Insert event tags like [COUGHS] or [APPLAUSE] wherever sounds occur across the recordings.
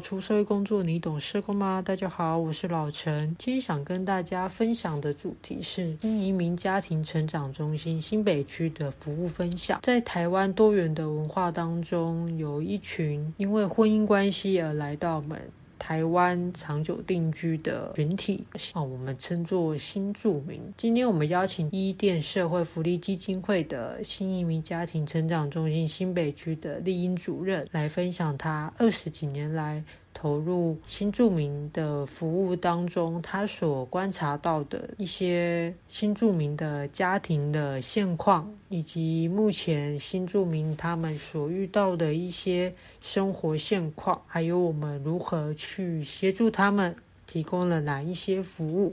出社會工作，你懂社工嗎？大家好，我是老陳，今天想跟大家分享的主題是新移民家庭成長中心新北區的服務分享。在台灣多元的文化當中，有一群因為婚姻關係而來到門台灣長久定居的群體，我們稱作新住民。今天我們邀請伊甸社會福利基金會的新移民家庭成長中心新北區的莉英主任來分享她二十幾年來投入新住民的服務當中，他所觀察到的一些新住民的家庭的現況，以及目前新住民他們所遇到的一些生活現況，還有我們如何去協助他們，提供了哪一些服務。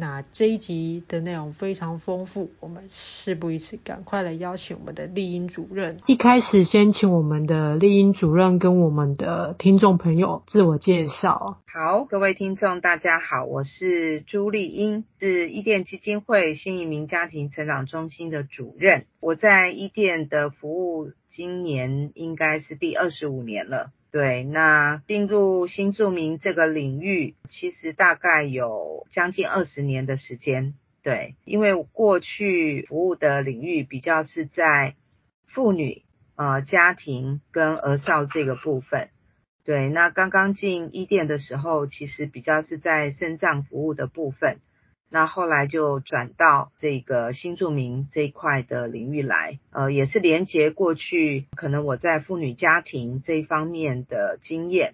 那這一集的內容非常豐富，我們事不宜遲，趕快來邀請我們的莉英主任。一開始先請我們的莉英主任跟我們的聽眾朋友自我介紹。好，各位聽眾大家好，我是朱莉英，是伊甸基金會新移民家庭成長中心的主任。我在伊甸的服務今年應該是第二十五年了。對，那進入新住民這個領域，其實大概有將近二十年的時間。對，因為過去服務的領域比較是在婦女、呃家庭跟兒少這個部分。對，那剛剛進伊甸的時候，其實比較是在身障服務的部分。那後來就轉到這個新住民這一塊的領域來，呃，也是連接過去可能我在婦女家庭這一方面的經驗。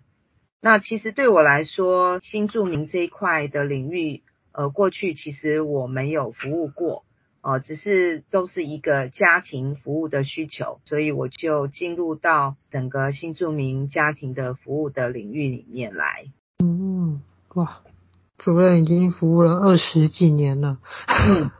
那其實對我來說，新住民這一塊的領域，呃，過去其實我沒有服務過，呃，只是都是一個家庭服務的需求，所以我就進入到整個新住民家庭的服務的領域裡面來。嗯，哇。主任已經服務了二十幾年了， [COUGHS]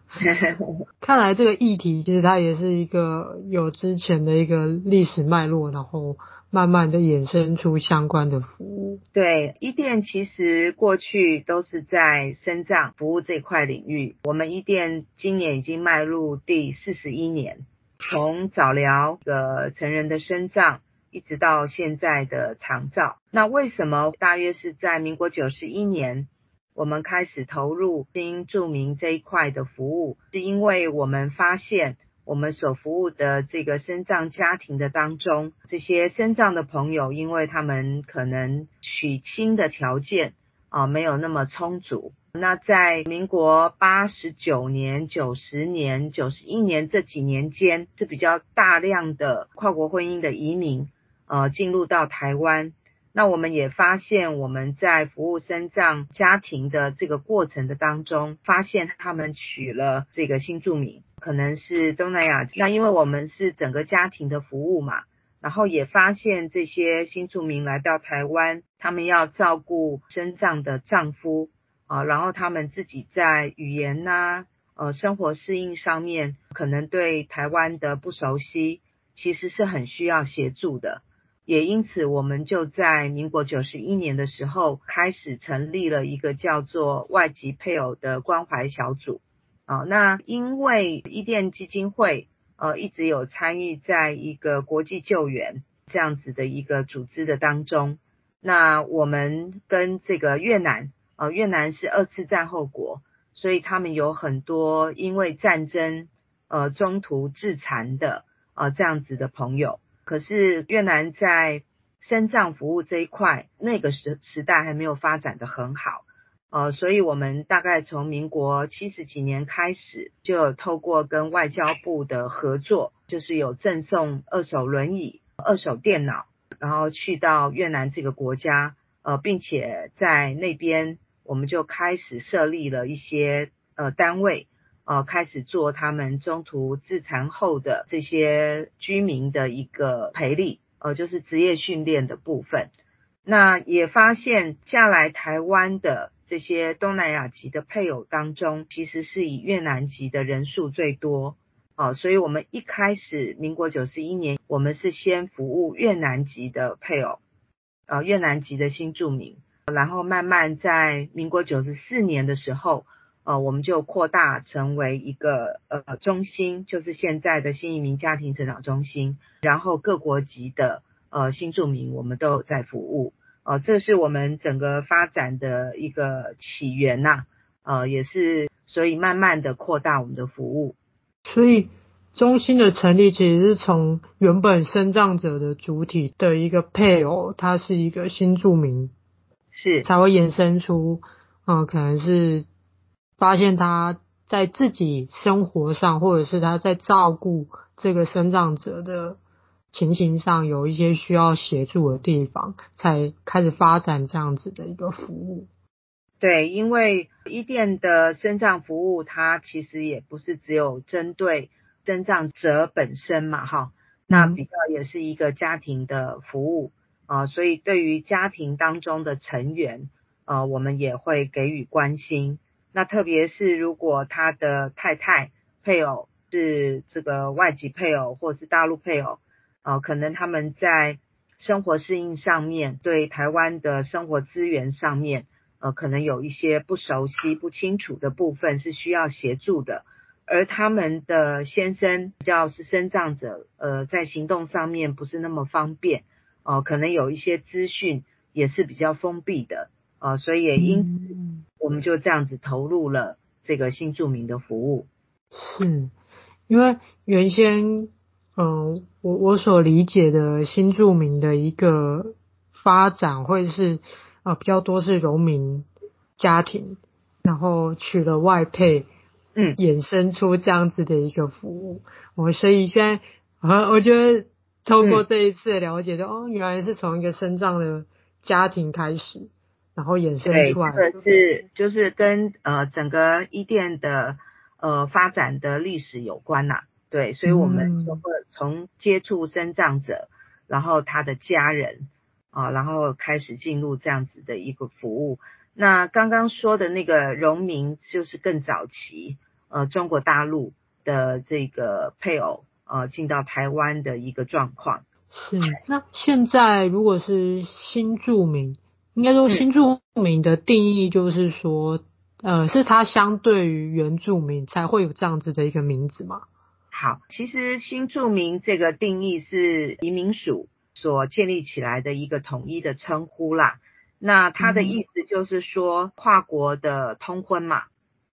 [COUGHS] 看來這個議題其實它也是一個有之前的一個歷史脈絡，然後慢慢的衍生出相關的服務。對，伊甸其實過去都是在身障服務這塊領域，我們伊甸今年已經邁入第四十一年，從早療的成人的身障一直到現在的長照。那為什麼大約是在民國九十一年，我們開始投入新住民這一塊的服務，是因為我們發現我們所服務的這個身障家庭的當中，這些身障的朋友，因為他們可能娶親的條件啊、呃、沒有那麼充足，那在民國八十九年、九十年、九十一年這幾年間是比較大量的跨國婚姻的移民，啊、呃、進入到台灣。那我們也發現，我們在服務身障家庭的這個過程的當中，發現他們娶了這個新住民，可能是東南亞。那因為我們是整個家庭的服務嘛，然後也發現這些新住民來到台灣，他們要照顧身障的丈夫，啊、呃，然後他們自己在語言吶、啊，呃，生活適應上面，可能對台灣的不熟悉，其實是很需要協助的。也因此，我們就在民國九十一年的時候，開始成立了一個叫做外籍配偶的關懷小組。啊，那因為伊甸基金會，呃，一直有參與在一個國際救援這樣子的一個組織的當中。那我們跟這個越南，呃，越南是二次戰後國，所以他們有很多因為戰爭，呃，中途致殘的，呃這樣子的朋友。可是越南在身障服務這一塊，那個時時代還沒有發展得很好，呃，所以我們大概從民國七十幾年開始，就有透過跟外交部的合作，就是有贈送二手輪椅、二手電腦，然後去到越南這個國家，呃，並且在那邊我們就開始設立了一些呃單位。呃，開始做他們中途致殘後的這些居民的一個培力，呃，就是職業訓練的部分。那也發現嫁來台灣的這些東南亞籍的配偶當中，其實是以越南籍的人數最多。哦，所以我們一開始民國九十一年，我們是先服務越南籍的配偶，呃，越南籍的新住民，然後慢慢在民國九十四年的時候。呃，我們就擴大成為一個呃中心，就是現在的新移民家庭成長中心，然後各國籍的呃新住民，我們都有在服務。呃，這是我們整個發展的一個起源吶、啊，呃，也是所以慢慢的擴大我們的服務。所以中心的成立其實是從原本身障者的主體的一個配偶，他是一個新住民，是才會衍生出，呃可能是。發現他在自己生活上，或者是他在照顧這個身障者的情形上，有一些需要協助的地方，才開始發展這樣子的一個服務。對，因為伊甸的身障服務，它其實也不是只有針對身障者本身嘛，哈、嗯，那比較也是一個家庭的服務啊、呃，所以對於家庭當中的成員，呃，我們也會給予關心。那特別是如果他的太太配偶是這個外籍配偶或是大陸配偶，呃，可能他們在生活適應上面對台灣的生活資源上面，呃，可能有一些不熟悉、不清楚的部分是需要協助的，而他們的先生比較是身障者，呃，在行動上面不是那麼方便，哦，可能有一些資訊也是比較封閉的，呃，所以也因此，嗯。我們就這樣子投入了這個新住民的服務，是，因為原先，嗯、呃，我我所理解的新住民的一個發展，會是，啊、呃，比較多是農民家庭，然後娶了外配，嗯，衍生出這樣子的一個服務，我、嗯、所以現在，啊、呃，我覺得透過這一次的了解就，就哦，原來是從一個生長的家庭開始。然後衍生出來，對，這個是就是跟呃整個伊甸的呃發展的歷史有關吶、啊，對，所以我們從、嗯、從接觸身障者，然後他的家人啊、呃，然後開始進入這樣子的一個服務。那剛剛說的那個榮民，就是更早期呃中國大陸的這個配偶呃，進到台灣的一個狀況。是，那現在如果是新住民。應該說，新住民的定義就是說，嗯、呃，是它相對於原住民才會有這樣子的一個名字嘛。好，其實新住民這個定義是移民署所建立起來的一個統一的稱呼啦。那它的意思就是說，跨國的通婚嘛。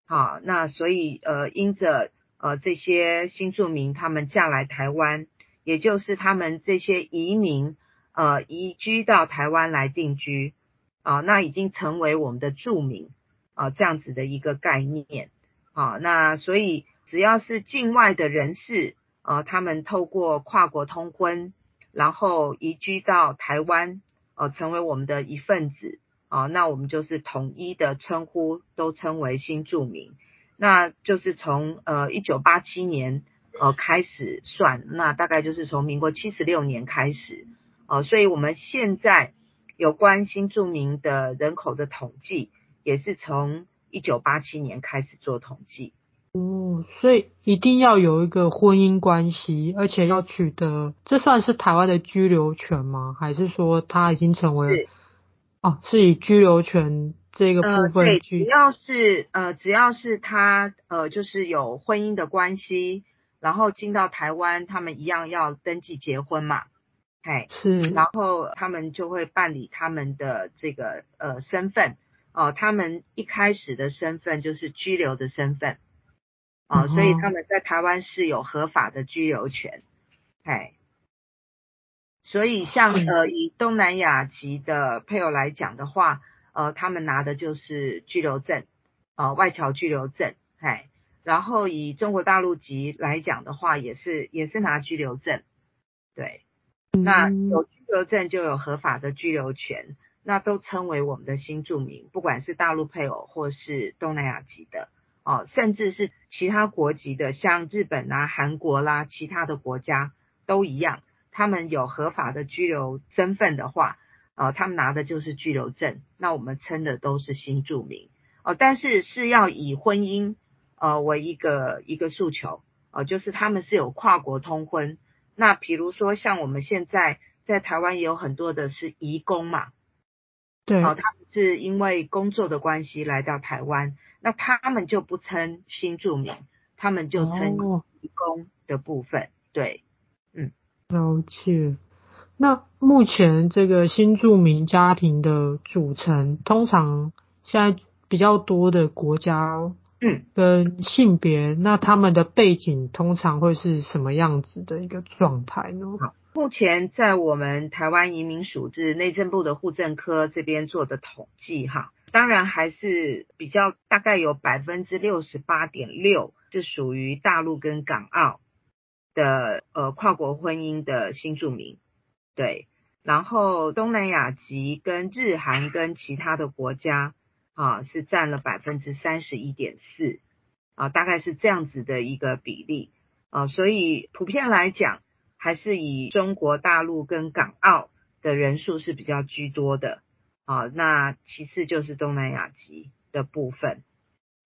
好、嗯啊，那所以呃，因着呃這些新住民他們嫁來台灣，也就是他們這些移民呃移居到台灣來定居。啊，那已經成為我們的住民啊，這樣子的一個概念啊，那所以只要是境外的人士啊，他們透過跨國通婚，然後移居到台灣，呃、啊，成為我們的一份子啊，那我們就是統一的稱呼，都稱為新住民，那就是從呃一九八七年呃開始算，那大概就是從民國七十六年開始，哦、啊，所以我們現在。有關新住民的人口的統計，也是從一九八七年開始做統計。哦，所以一定要有一個婚姻關係，而且要取得，嗯、這算是台灣的居留權嗎？還是說他已經成為？是。哦、啊，是以居留權這個部分。呃、只要是呃，只要是他呃，就是有婚姻的關係，然後進到台灣，他們一樣要登記結婚嘛。哎，是，然後他們就會辦理他們的這個呃身份，哦、呃，他們一開始的身份就是居留的身份，呃、哦，哦，所以他們在台灣是有合法的居留權，哎，所以像呃以東南亞籍的配偶來講的話，呃，他們拿的就是居留證，呃，外僑居留證，哎，然後以中國大陸籍來講的話，也是也是拿居留證，對。那有居留證就有合法的居留權，那都稱為我們的新住民，不管是大陸配偶或是東南亞籍的哦，甚至是其他國籍的，像日本啦、啊、韓國啦、啊、其他的國家都一樣，他們有合法的居留身份的話、哦，他們拿的就是居留證，那我們稱的都是新住民哦，但是是要以婚姻呃、哦、為一個一個訴求哦，就是他們是有跨國通婚。那比如說，像我們現在在台灣也有很多的是移工嘛，對，哦，他們是因為工作的關係來到台灣，那他們就不稱新住民，他們就稱移工的部分。哦、對，嗯，了解。那目前這個新住民家庭的組成，通常現在比較多的國家。嗯，跟性別，那他們的背景通常會是什麼樣子的一個狀態呢？目前在我們台灣移民署至內政部的戶政科這邊做的統計哈，當然還是比較大概有百分之六十八點六是屬於大陸跟港澳的呃跨國婚姻的新住民，對，然後東南亞籍跟日韓跟其他的國家。啊，是佔了百分之三十一點四，啊，大概是這樣子的一個比例，啊，所以普遍來講，還是以中國大陸跟港澳的人數是比較居多的，啊，那其次就是東南亞籍的部分，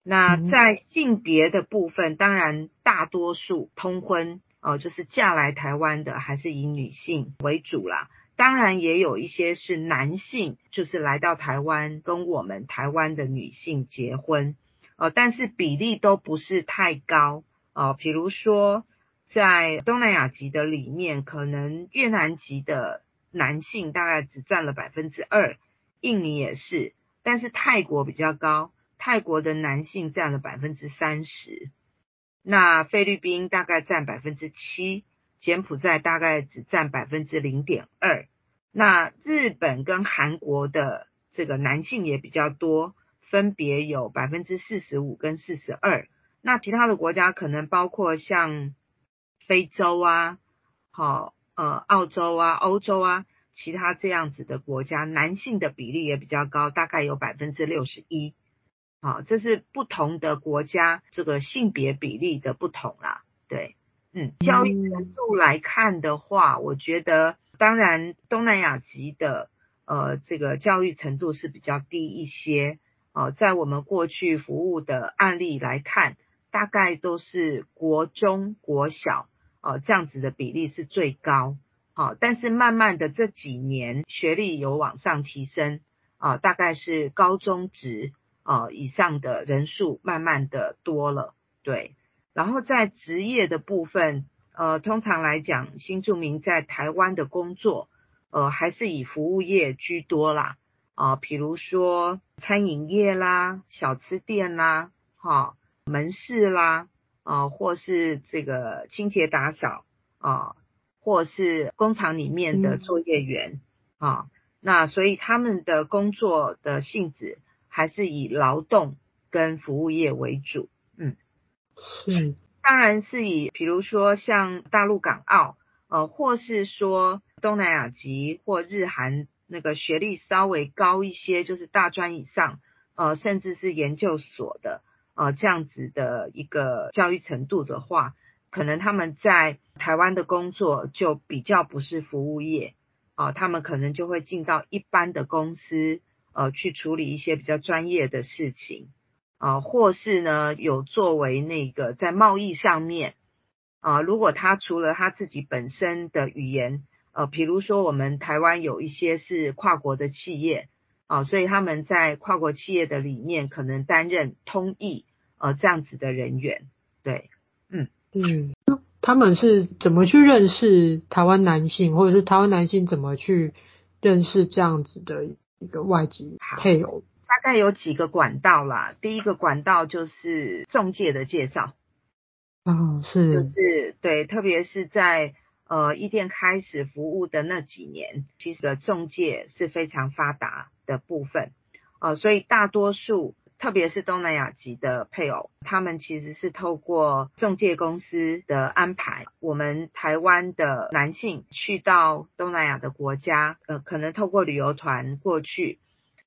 那在性別的部分，當然大多數通婚，哦、啊，就是嫁來台灣的還是以女性為主啦。當然也有一些是男性，就是來到台灣跟我們台灣的女性結婚，哦、呃，但是比例都不是太高，哦、呃，比如說在東南亞籍的裡面，可能越南籍的男性大概只占了百分之二，印尼也是，但是泰國比較高，泰國的男性占了百分之三十，那菲律賓大概占百分之七。柬埔寨大概只占百分之零點二，那日本跟韓國的這個男性也比較多，分別有百分之四十五跟四十二。那其他的國家可能包括像非洲啊，好、呃澳洲啊、歐洲啊，其他這樣子的國家，男性的比例也比較高，大概有百分之六十一。好，這是不同的國家這個性別比例的不同啦，對。嗯，教育程度來看的話，我覺得當然東南亞籍的呃這個教育程度是比較低一些啊，呃，在我們過去服務的案例來看，大概都是國中、國小啊，呃、這樣子的比例是最高，好，呃，但是慢慢的這幾年學歷有往上提升啊，呃，大概是高中職啊、呃，以上的人數慢慢的多了，對。然後在職業的部分，呃，通常來講，新住民在台灣的工作，呃，還是以服務業居多啦，啊、呃，比如說餐飲業啦、小吃店啦、好、哦、門市啦，啊、呃，或是這個清潔打掃啊、呃，或是工廠裡面的作業員啊、嗯呃，那所以他們的工作的性質還是以勞動跟服務業為主，嗯。是，當然是以，比如說像大陸、港澳，呃，或是說東南亞籍或日韓那個學歷稍微高一些，就是大專以上，呃，甚至是研究所的，呃，這樣子的一個教育程度的話，可能他們在台灣的工作就比較不是服務業，啊、呃，他們可能就會進到一般的公司，呃，去處理一些比較專業的事情。啊、呃，或是呢，有作為那個在貿易上面啊、呃，如果他除了他自己本身的語言，呃，比如說我們台灣有一些是跨國的企業啊、呃，所以他們在跨國企業的裡面可能擔任通譯，呃，這樣子的人員，對，嗯嗯，他們是怎麼去認識台灣男性，或者是台灣男性怎麼去認識這樣子的一個外籍配偶？大概有幾個管道啦，第一個管道就是中介的介紹，哦，是，就是對，特別是在呃，伊甸開始服務的那幾年，其實的中介是非常發達的部分，呃，所以大多數，特別是東南亞籍的配偶，他們其實是透過中介公司的安排，我們台灣的男性去到東南亞的國家，呃，可能透過旅遊團過去。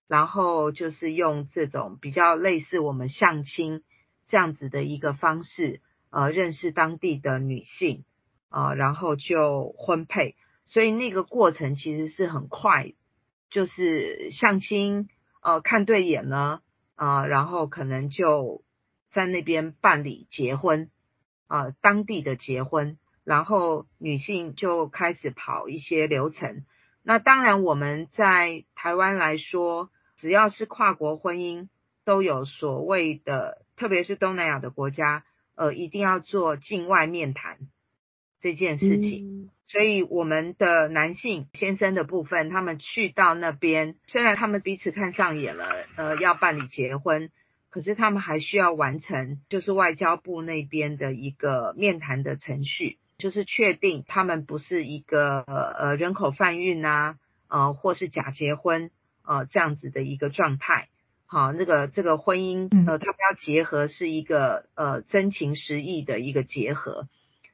然後就是用這種比較類似我們相親這樣子的一個方式，呃，認識當地的女性，啊、呃，然後就婚配，所以那個過程其實是很快，就是相親，呃，看對眼呢，啊、呃，然後可能就在那邊辦理結婚，啊、呃，當地的結婚，然後女性就開始跑一些流程，那當然我們在台灣來說。只要是跨國婚姻，都有所謂的，特別是東南亞的國家，呃，一定要做境外面談這件事情。嗯。所以我們的男性先生的部分，他們去到那邊，雖然他們彼此看上眼了，呃，要辦理結婚，可是他們還需要完成就是外交部那邊的一個面談的程序，就是確定他們不是一個呃，呃，人口販運啊，呃，或是假結婚。啊、呃，這樣子的一個狀態，好、啊，那個這個婚姻，呃，他們要結合是一個呃真情實意的一個結合，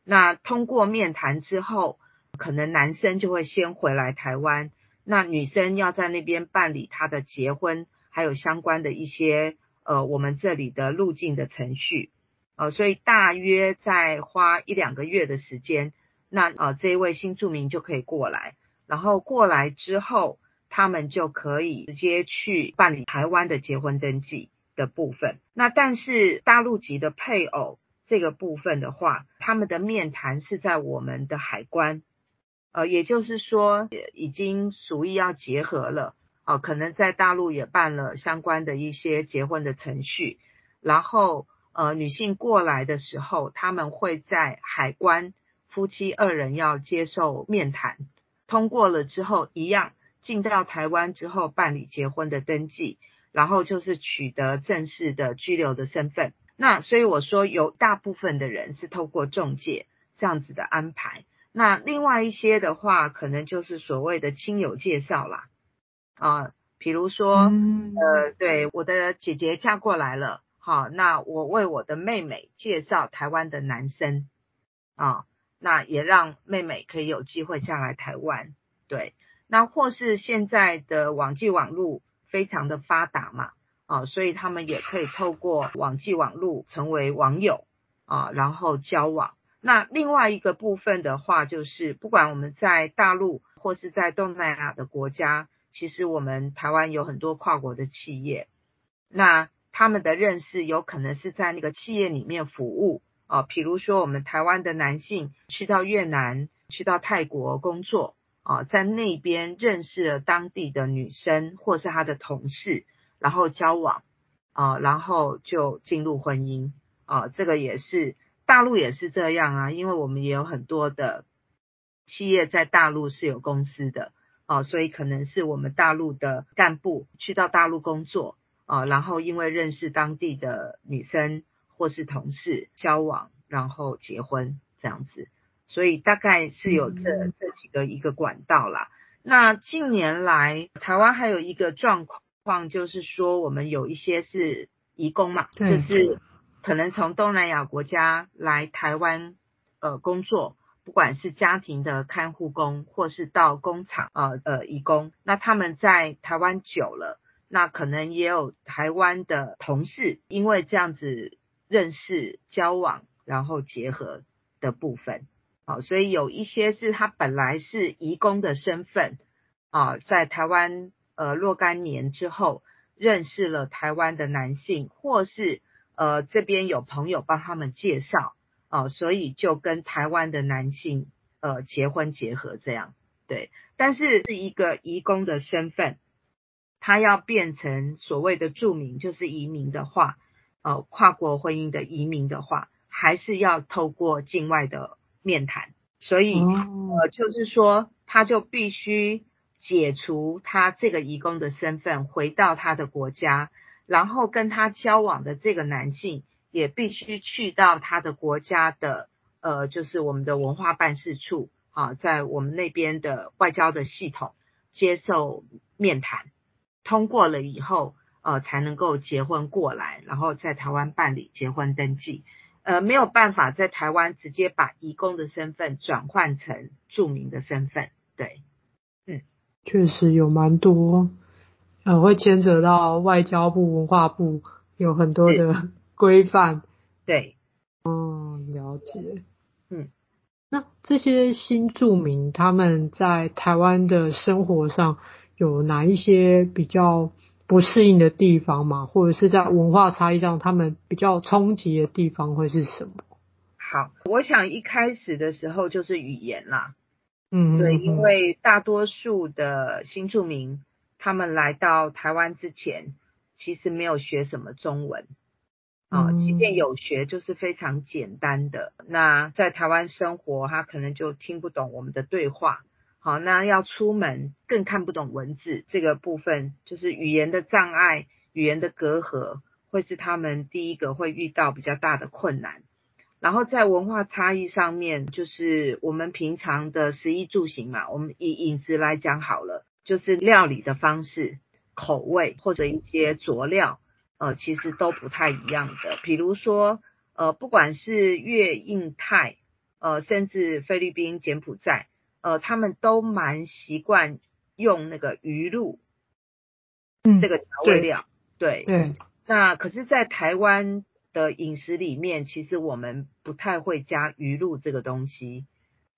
那通過面談之後，可能男生就會先回來台灣，那女生要在那邊辦理他的結婚，還有相關的一些呃我們這裡的入境的程序，呃，所以大約再花一兩個月的時間，那呃這一位新住民就可以過來，然後過來之後。他們就可以直接去辦理台灣的結婚登記的部分。那但是大陸籍的配偶這個部分的話，他們的面談是在我們的海關，呃，也就是說已經屬意要結合了哦、呃。可能在大陸也辦了相關的一些結婚的程序，然後呃，女性過來的時候，他們會在海關夫妻二人要接受面談，通過了之後一樣。進到台灣之後辦理結婚的登記，然後就是取得正式的居留的身份。那所以我說有大部分的人是透過仲介這樣子的安排。那另外一些的話，可能就是所謂的親友介紹啦。啊，比如說，嗯、呃，對，我的姐姐嫁過來了，好、啊，那我為我的妹妹介紹台灣的男生，啊，那也讓妹妹可以有機會嫁來台灣，對。那或是現在的網際網路非常的發達嘛，啊，所以他們也可以透過網際網路成為網友，啊，然後交往。那另外一個部分的話，就是不管我們在大陸或是在東南亞的國家，其實我們台灣有很多跨國的企業，那他們的認識有可能是在那個企業裡面服務，啊，比如說我們台灣的男性去到越南、去到泰國工作。啊，在那邊認識了當地的女生，或是他的同事，然後交往，啊，然後就進入婚姻，啊，這個也是大陸也是這樣啊，因為我們也有很多的企業在大陸是有公司的，啊，所以可能是我們大陸的幹部去到大陸工作，啊，然後因為認識當地的女生或是同事交往，然後結婚這樣子。所以大概是有這這幾個一個管道啦。嗯、那近年來台灣還有一個狀況，就是說我們有一些是移工嘛，對對對，就是可能從東南亞國家來台灣，呃，工作，不管是家庭的看護工，或是到工廠啊呃，呃移工，那他們在台灣久了，那可能也有台灣的同事因為這樣子認識交往，然後結合的部分。好、哦，所以有一些是他本來是移工的身份。啊、呃，在台灣呃若干年之後認識了台灣的男性，或是呃這邊有朋友幫他們介紹，啊、呃，所以就跟台灣的男性呃結婚結合這樣，對，但是是一個移工的身份，他要變成所謂的住民就是移民的話，呃，跨國婚姻的移民的話，還是要透過境外的。面談，所以呃就是說，他就必須解除他這個移工的身份，回到他的國家，然後跟他交往的這個男性也必須去到他的國家的呃就是我們的文化辦事處啊，在我們那邊的外交的系統接受面談，通過了以後呃才能夠結婚過來，然後在台灣辦理結婚登記。呃，沒有辦法在台灣直接把移工的身份轉換成住民的身份，對，嗯，確實有蠻多，呃，會牽扯到外交部、文化部有很多的規範，對，嗯，了解，嗯，那這些新住民他們在台灣的生活上有哪一些比較不適應的地方嘛，或者是在文化差異上，他們比較衝擊的地方會是什麼？好，我想一開始的時候就是語言啦。嗯，對，因為大多數的新住民、嗯，他們來到台灣之前，其實沒有學什麼中文。嗯、哦，即便有學，就是非常簡單的。那在台灣生活，他可能就聽不懂我們的對話。好，那要出門更看不懂文字這個部分，就是語言的障礙、語言的隔閡，會是他們第一個會遇到比較大的困難。然後在文化差異上面，就是我們平常的食衣住行嘛，我們以飲食來講好了，就是料理的方式、口味或者一些佐料，呃，其實都不太一樣的。比如說，呃，不管是越、印、泰，呃，甚至菲律賓、柬埔寨。呃，他們都蠻習慣用那個魚露，這個調味料，嗯、對，嗯，那可是，在台灣的飲食裡面，其實我們不太會加魚露這個東西，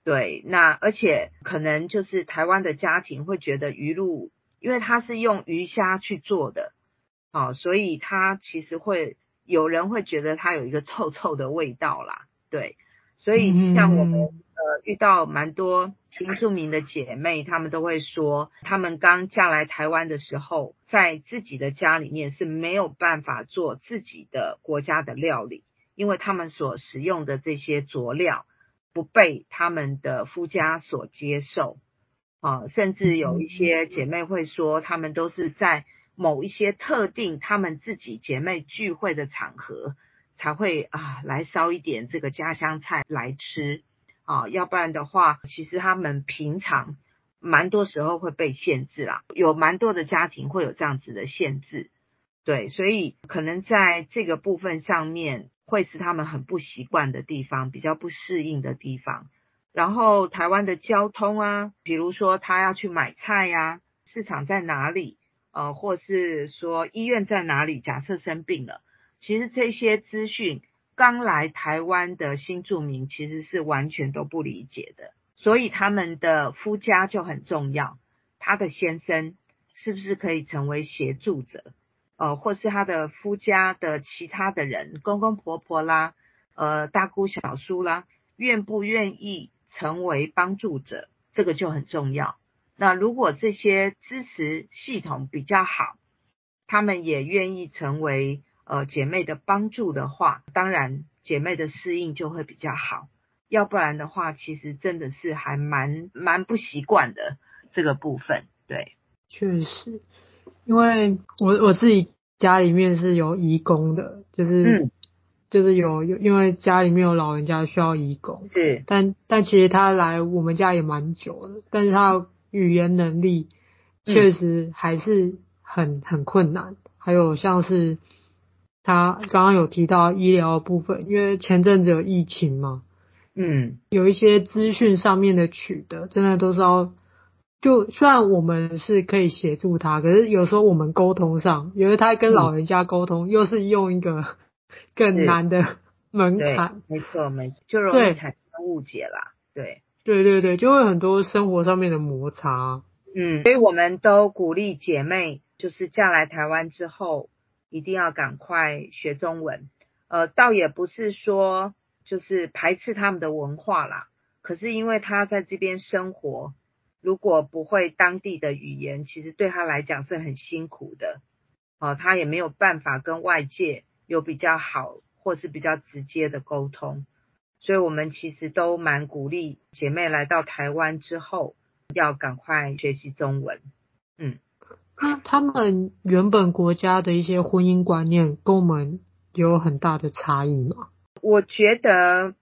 對。那而且可能就是台灣的家庭會覺得魚露，因為它是用魚蝦去做的，哦，所以它其實會有人會覺得它有一個臭臭的味道啦，對。所以像我們、嗯、呃遇到蠻多。新住民的姐妹，她們都會說，她們剛嫁來台灣的時候，在自己的家裡面是沒有辦法做自己的國家的料理，因為她們所使用的這些佐料不被他們的夫家所接受。啊，甚至有一些姐妹會說，她們都是在某一些特定她們自己姐妹聚會的場合，才會啊來燒一點這個家鄉菜來吃。啊、哦，要不然的話，其實他們平常蠻多時候會被限制啦，有蠻多的家庭會有這樣子的限制，對，所以可能在這個部分上面，會是他們很不習慣的地方，比較不適應的地方。然後台灣的交通啊，比如說他要去買菜呀、啊，市場在哪裡？呃，或是說醫院在哪裡？假設生病了，其實這些資訊。剛來台灣的新住民其實是完全都不理解的，所以他們的夫家就很重要。他的先生是不是可以成為協助者？呃，或是他的夫家的其他的人，公公婆婆啦，呃，大姑小叔啦，願不願意成為幫助者？這個就很重要。那如果這些支持系統比較好，他們也願意成為。呃，姐妹的幫助的話，當然姐妹的適應就會比較好。要不然的話，其實真的是還蠻蠻不習慣的這個部分。對，確實，因為我我自己家裡面是有移工的，就是、嗯、就是有有，因為家裡面有老人家需要移工，是。但但其實他來我們家也蠻久的，但是他語言能力確實還是很、嗯、很困難，還有像是。他剛剛有提到醫療的部分，因為前陣子有疫情嘛，嗯，有一些資訊上面的取得，真的都是要，就雖然我們是可以協助他，可是有時候我們溝通上，有時候他跟老人家溝通、嗯、又是用一個更難的門檻，沒錯，沒錯，就容易產生誤解啦，對對，對，對對對，就會很多生活上面的摩擦，嗯，所以我們都鼓勵姐妹就是嫁來台灣之後。一定要趕快學中文，呃，倒也不是說就是排斥他們的文化啦，可是因為他在這邊生活，如果不會當地的語言，其實對他來講是很辛苦的，哦、呃，他也沒有辦法跟外界有比較好或是比較直接的溝通，所以我們其實都蠻鼓勵姐妹來到台灣之後要趕快學習中文，嗯。他們原本國家的一些婚姻觀念跟我們有很大的差異嗎？我覺得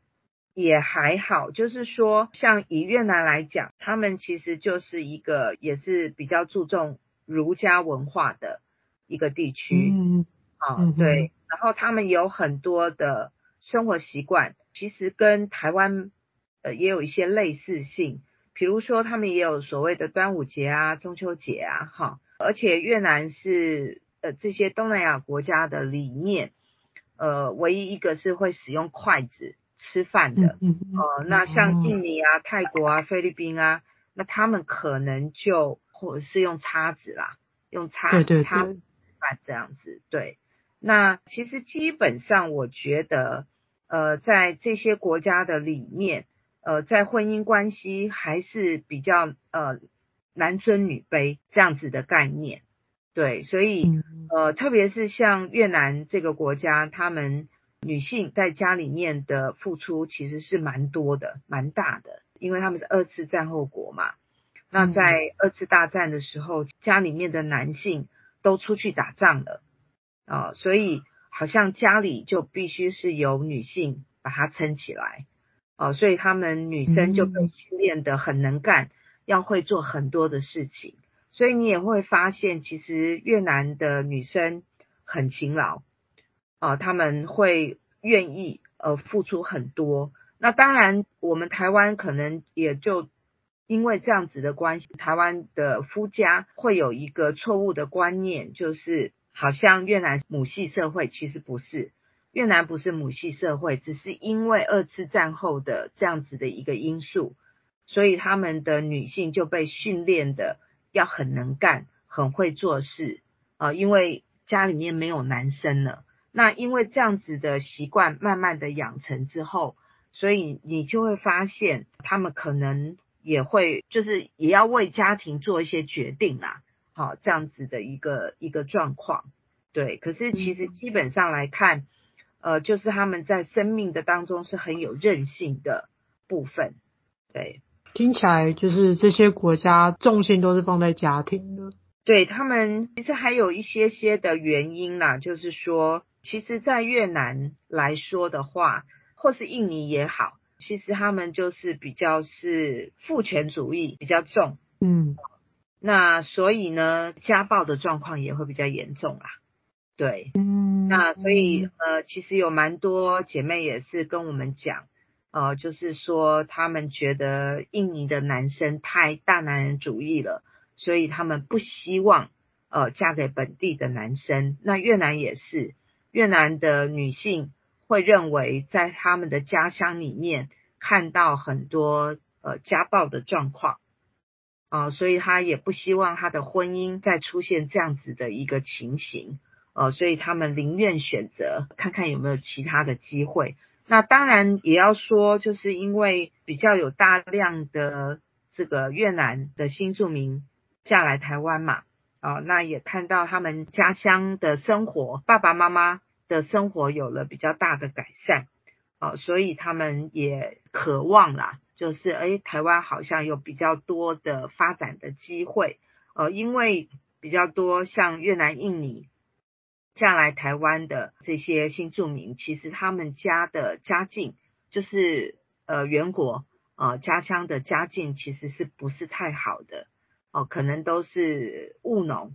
也還好，就是說，像以越南來講，他們其實就是一個也是比較注重儒家文化的一個地區。嗯，哦、嗯對，然後他們有很多的生活習慣，其實跟台灣呃也有一些類似性，比如說他們也有所謂的端午節啊、中秋節啊，哈、哦。而且越南是呃這些東南亞國家的裡面，呃，唯一一個是會使用筷子吃飯的，哦、嗯嗯嗯呃，那像印尼啊、哦、泰國啊、菲律賓啊，那他們可能就或是用叉子啦，用叉，對對對叉子吃飯這樣子。對，那其實基本上我覺得，呃，在這些國家的裡面，呃，在婚姻關係還是比較呃。男尊女卑這樣子的概念，對，所以呃，特別是像越南這個國家，他們女性在家裡面的付出其實是蠻多的、蠻大的，因為他們是二次戰後國嘛。那在二次大戰的時候，家裡面的男性都出去打仗了啊、呃，所以好像家裡就必須是由女性把他撐起來哦、呃，所以他們女生就被訓練得很能幹。要會做很多的事情，所以你也會發現，其實越南的女生很勤勞，啊、呃，他們會願意呃付出很多。那當然，我們台灣可能也就因為這樣子的關係，台灣的夫家會有一個錯誤的觀念，就是好像越南母系社會，其實不是，越南不是母系社會，只是因為二次戰後的這樣子的一個因素。所以他們的女性就被訓練的要很能幹、很會做事啊、呃，因為家裡面沒有男生了。那因為這樣子的習慣慢慢的養成之後，所以你就會發現他們可能也會就是也要為家庭做一些決定啦、啊。好、哦，這樣子的一個一個狀況，對。可是其實基本上來看，呃，就是他們在生命的當中是很有韌性的部分，對。聽起來就是這些國家重心都是放在家庭的。對他們，其實還有一些些的原因啦、啊，就是說，其實，在越南來說的話，或是印尼也好，其實他們就是比較是父權主義比較重，嗯，那所以呢，家暴的狀況也會比較嚴重啊，對，嗯，那所以呃，其實有蠻多姐妹也是跟我們講。呃，就是說他們覺得印尼的男生太大男人主義了，所以他們不希望呃嫁給本地的男生。那越南也是，越南的女性會認為在他們的家鄉裡面看到很多呃家暴的狀況，啊、呃，所以他也不希望他的婚姻再出現這樣子的一個情形，呃，所以他們寧願選擇看看有沒有其他的機會。那當然也要說，就是因為比較有大量的這個越南的新住民嫁來台灣嘛，啊、哦，那也看到他們家鄉的生活，爸爸媽媽的生活有了比較大的改善，啊、哦，所以他們也渴望啦，就是誒台灣好像有比較多的發展的機會，呃，因為比較多像越南、印尼，嫁來台灣的這些新住民，其實他們家的家境就是呃原國呃家鄉的家境其實是不是太好的哦、呃。可能都是務農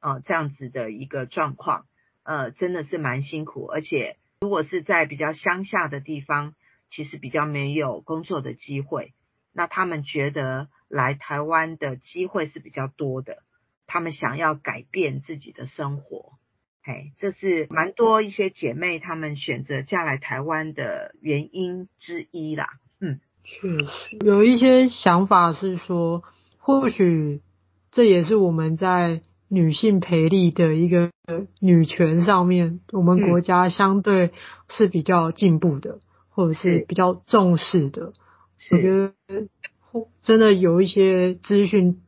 哦、呃、這樣子的一個狀況，呃真的是蠻辛苦，而且如果是在比較鄉下的地方，其實比較沒有工作的機會，那他們覺得來台灣的機會是比較多的，他們想要改變自己的生活。哎，這是蠻多一些姐妹她們選擇嫁來台灣的原因之一啦。嗯，確實有一些想法是說，或許這也是我們在女性培力的一個女權上面，我們國家相對是比較進步的，嗯、或者是比較重視的。是。我覺得真的有一些資訊。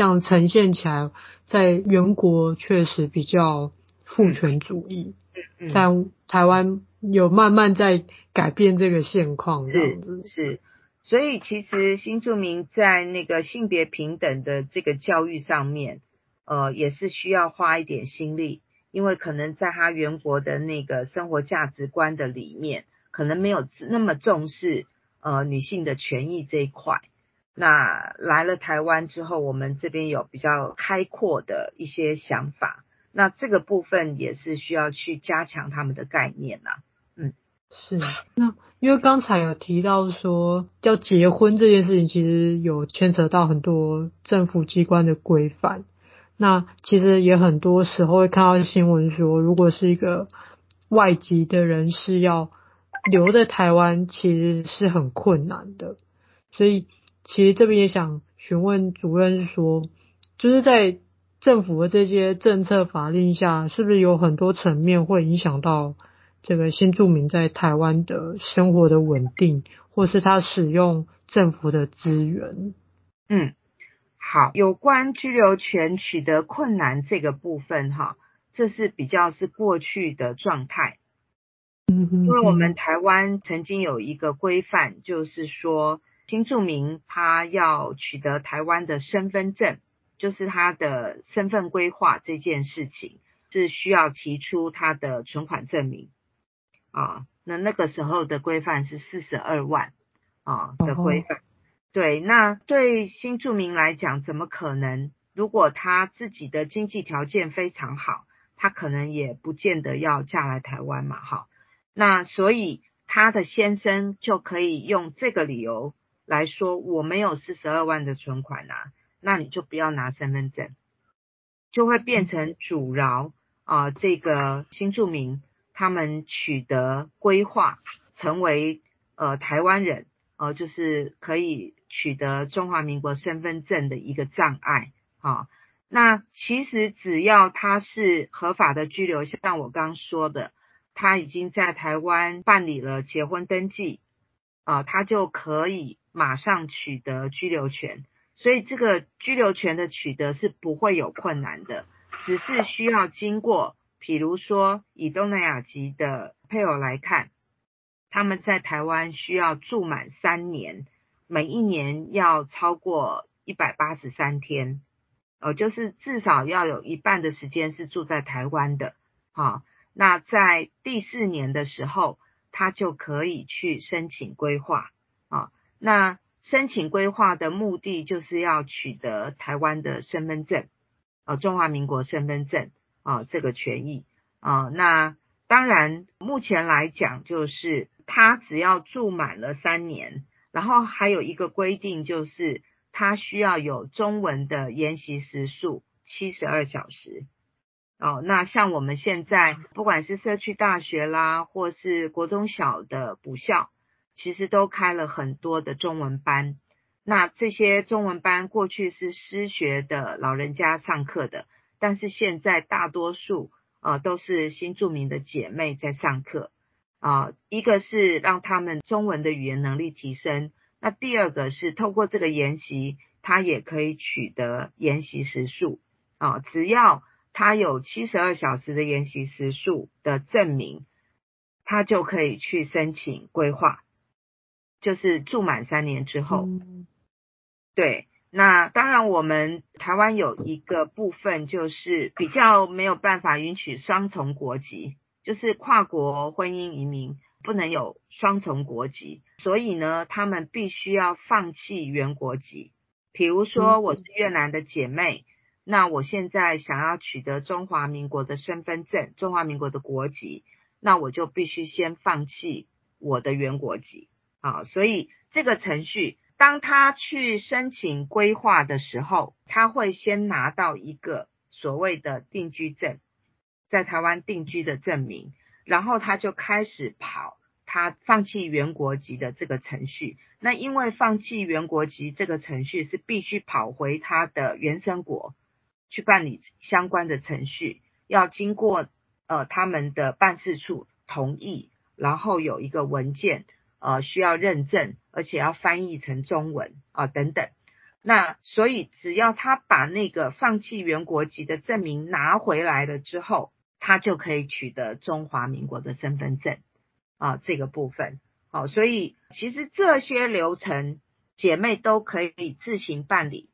這樣呈現起來，在原國確實比較父權主義，在、嗯嗯、但台灣有慢慢在改變這個現況，是是，所以其實新住民在那個性別平等的這個教育上面，呃，也是需要花一點心力，因為可能在他原國的那個生活價值觀的裡面，可能沒有那麼重視呃女性的權益這一塊。那來了台灣之後，我們這邊有比較開闊的一些想法。那這個部分也是需要去加強他們的概念吶、啊。嗯，是。那因為剛才有提到說，要結婚這件事情，其實有牽扯到很多政府機關的規範。那其實也很多時候會看到新聞說，如果是一個外籍的人是要留在台灣，其實是很困難的。所以。其實這邊也想詢問主任說，就是在政府的這些政策法令下，是不是有很多層面會影響到這個新住民在台灣的生活的穩定，或是他使用政府的資源？嗯，好，有關居留權取得困難這個部分，哈，這是比較是過去的狀態。嗯哼，因為我們台灣曾經有一個規範，就是說。新住民他要取得台灣的身份證，就是他的身份規劃這件事情是需要提出他的存款證明啊。那那個時候的規範是四十二萬啊的規範。對，那對新住民來講，怎麼可能？如果他自己的經濟條件非常好，他可能也不見得要嫁來台灣嘛。哈，那所以他的先生就可以用這個理由。來說，我沒有四十二萬的存款吶，啊，那你就不要拿身份證，就會變成阻撓啊、呃、這個新住民他們取得歸化成為呃台灣人呃就是可以取得中華民國身份證的一個障礙啊、呃，那其實只要他是合法的居留，像我剛，剛說的，他已經在台灣辦理了結婚登記啊、呃，他就可以。馬上取得居留權，所以這個居留權的取得是不會有困難的，只是需要經過，比如說以東南亞籍的配偶來看，他們在台灣需要住滿三年，每一年要超過一百八十三天，哦，就是至少要有一半的時間是住在台灣的，好，那在第四年的時候，他就可以去申請歸化啊。那申請歸化的目的就是要取得台灣的身份證，呃，中華民國身份證啊，這個權益啊。那當然，目前來講就是他只要住滿了三年，然後還有一個規定就是他需要有中文的研習時數七十二小時。哦，那像我們現在不管是社區大學啦，或是國中小的補校。其實都開了很多的中文班，那這些中文班過去是失學的老人家上課的，但是現在大多數啊、呃、都是新住民的姐妹在上課啊、呃，一個是讓他們中文的語言能力提升，那第二個是透過這個研習，他也可以取得研習時數。啊、呃，只要他有七十二小時的研習時數的證明，他就可以去申請歸化。就是住滿三年之後，對，那當然我們台灣有一個部分就是比較沒有辦法允許雙重國籍，就是跨國婚姻移民不能有雙重國籍，所以呢，他們必須要放棄原國籍。比如說我是越南的姐妹，那我現在想要取得中華民國的身份證、中華民國的國籍，那我就必須先放棄我的原國籍。啊，所以這個程序，當他去申請歸化的時候，他會先拿到一個所謂的定居證，在台灣定居的證明，然後他就開始跑他放棄原國籍的這個程序。那因為放棄原國籍這個程序是必須跑回他的原生國去辦理相關的程序，要經過呃他們的辦事處同意，然後有一個文件。啊、呃，需要認證，而且要翻譯成中文啊、呃、等等，那所以只要他把那個放棄原國籍的證明拿回來了之後，他就可以取得中華民國的身份證啊、呃、這個部分好、呃，所以其實這些流程姐妹都可以自行辦理，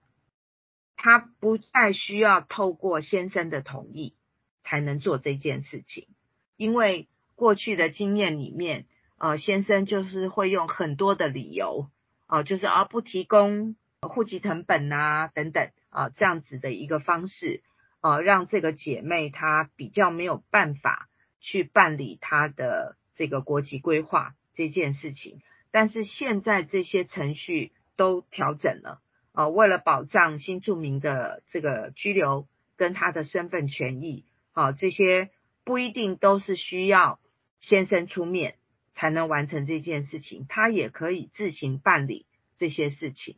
他不再需要透過先生的同意才能做這件事情，因為過去的經驗裡面。呃，先生就是會用很多的理由，哦，就是而不提供戶籍謄本吶、啊、等等啊，這樣子的一個方式，呃，讓這個姐妹她比較沒有辦法去辦理她的這個國籍歸化這件事情。但是現在這些程序都調整了，呃，為了保障新住民的這個居留跟他的身份權益，啊，這些不一定都是需要先生出面，才能完成這件事情，她也可以自行辦理這些事情，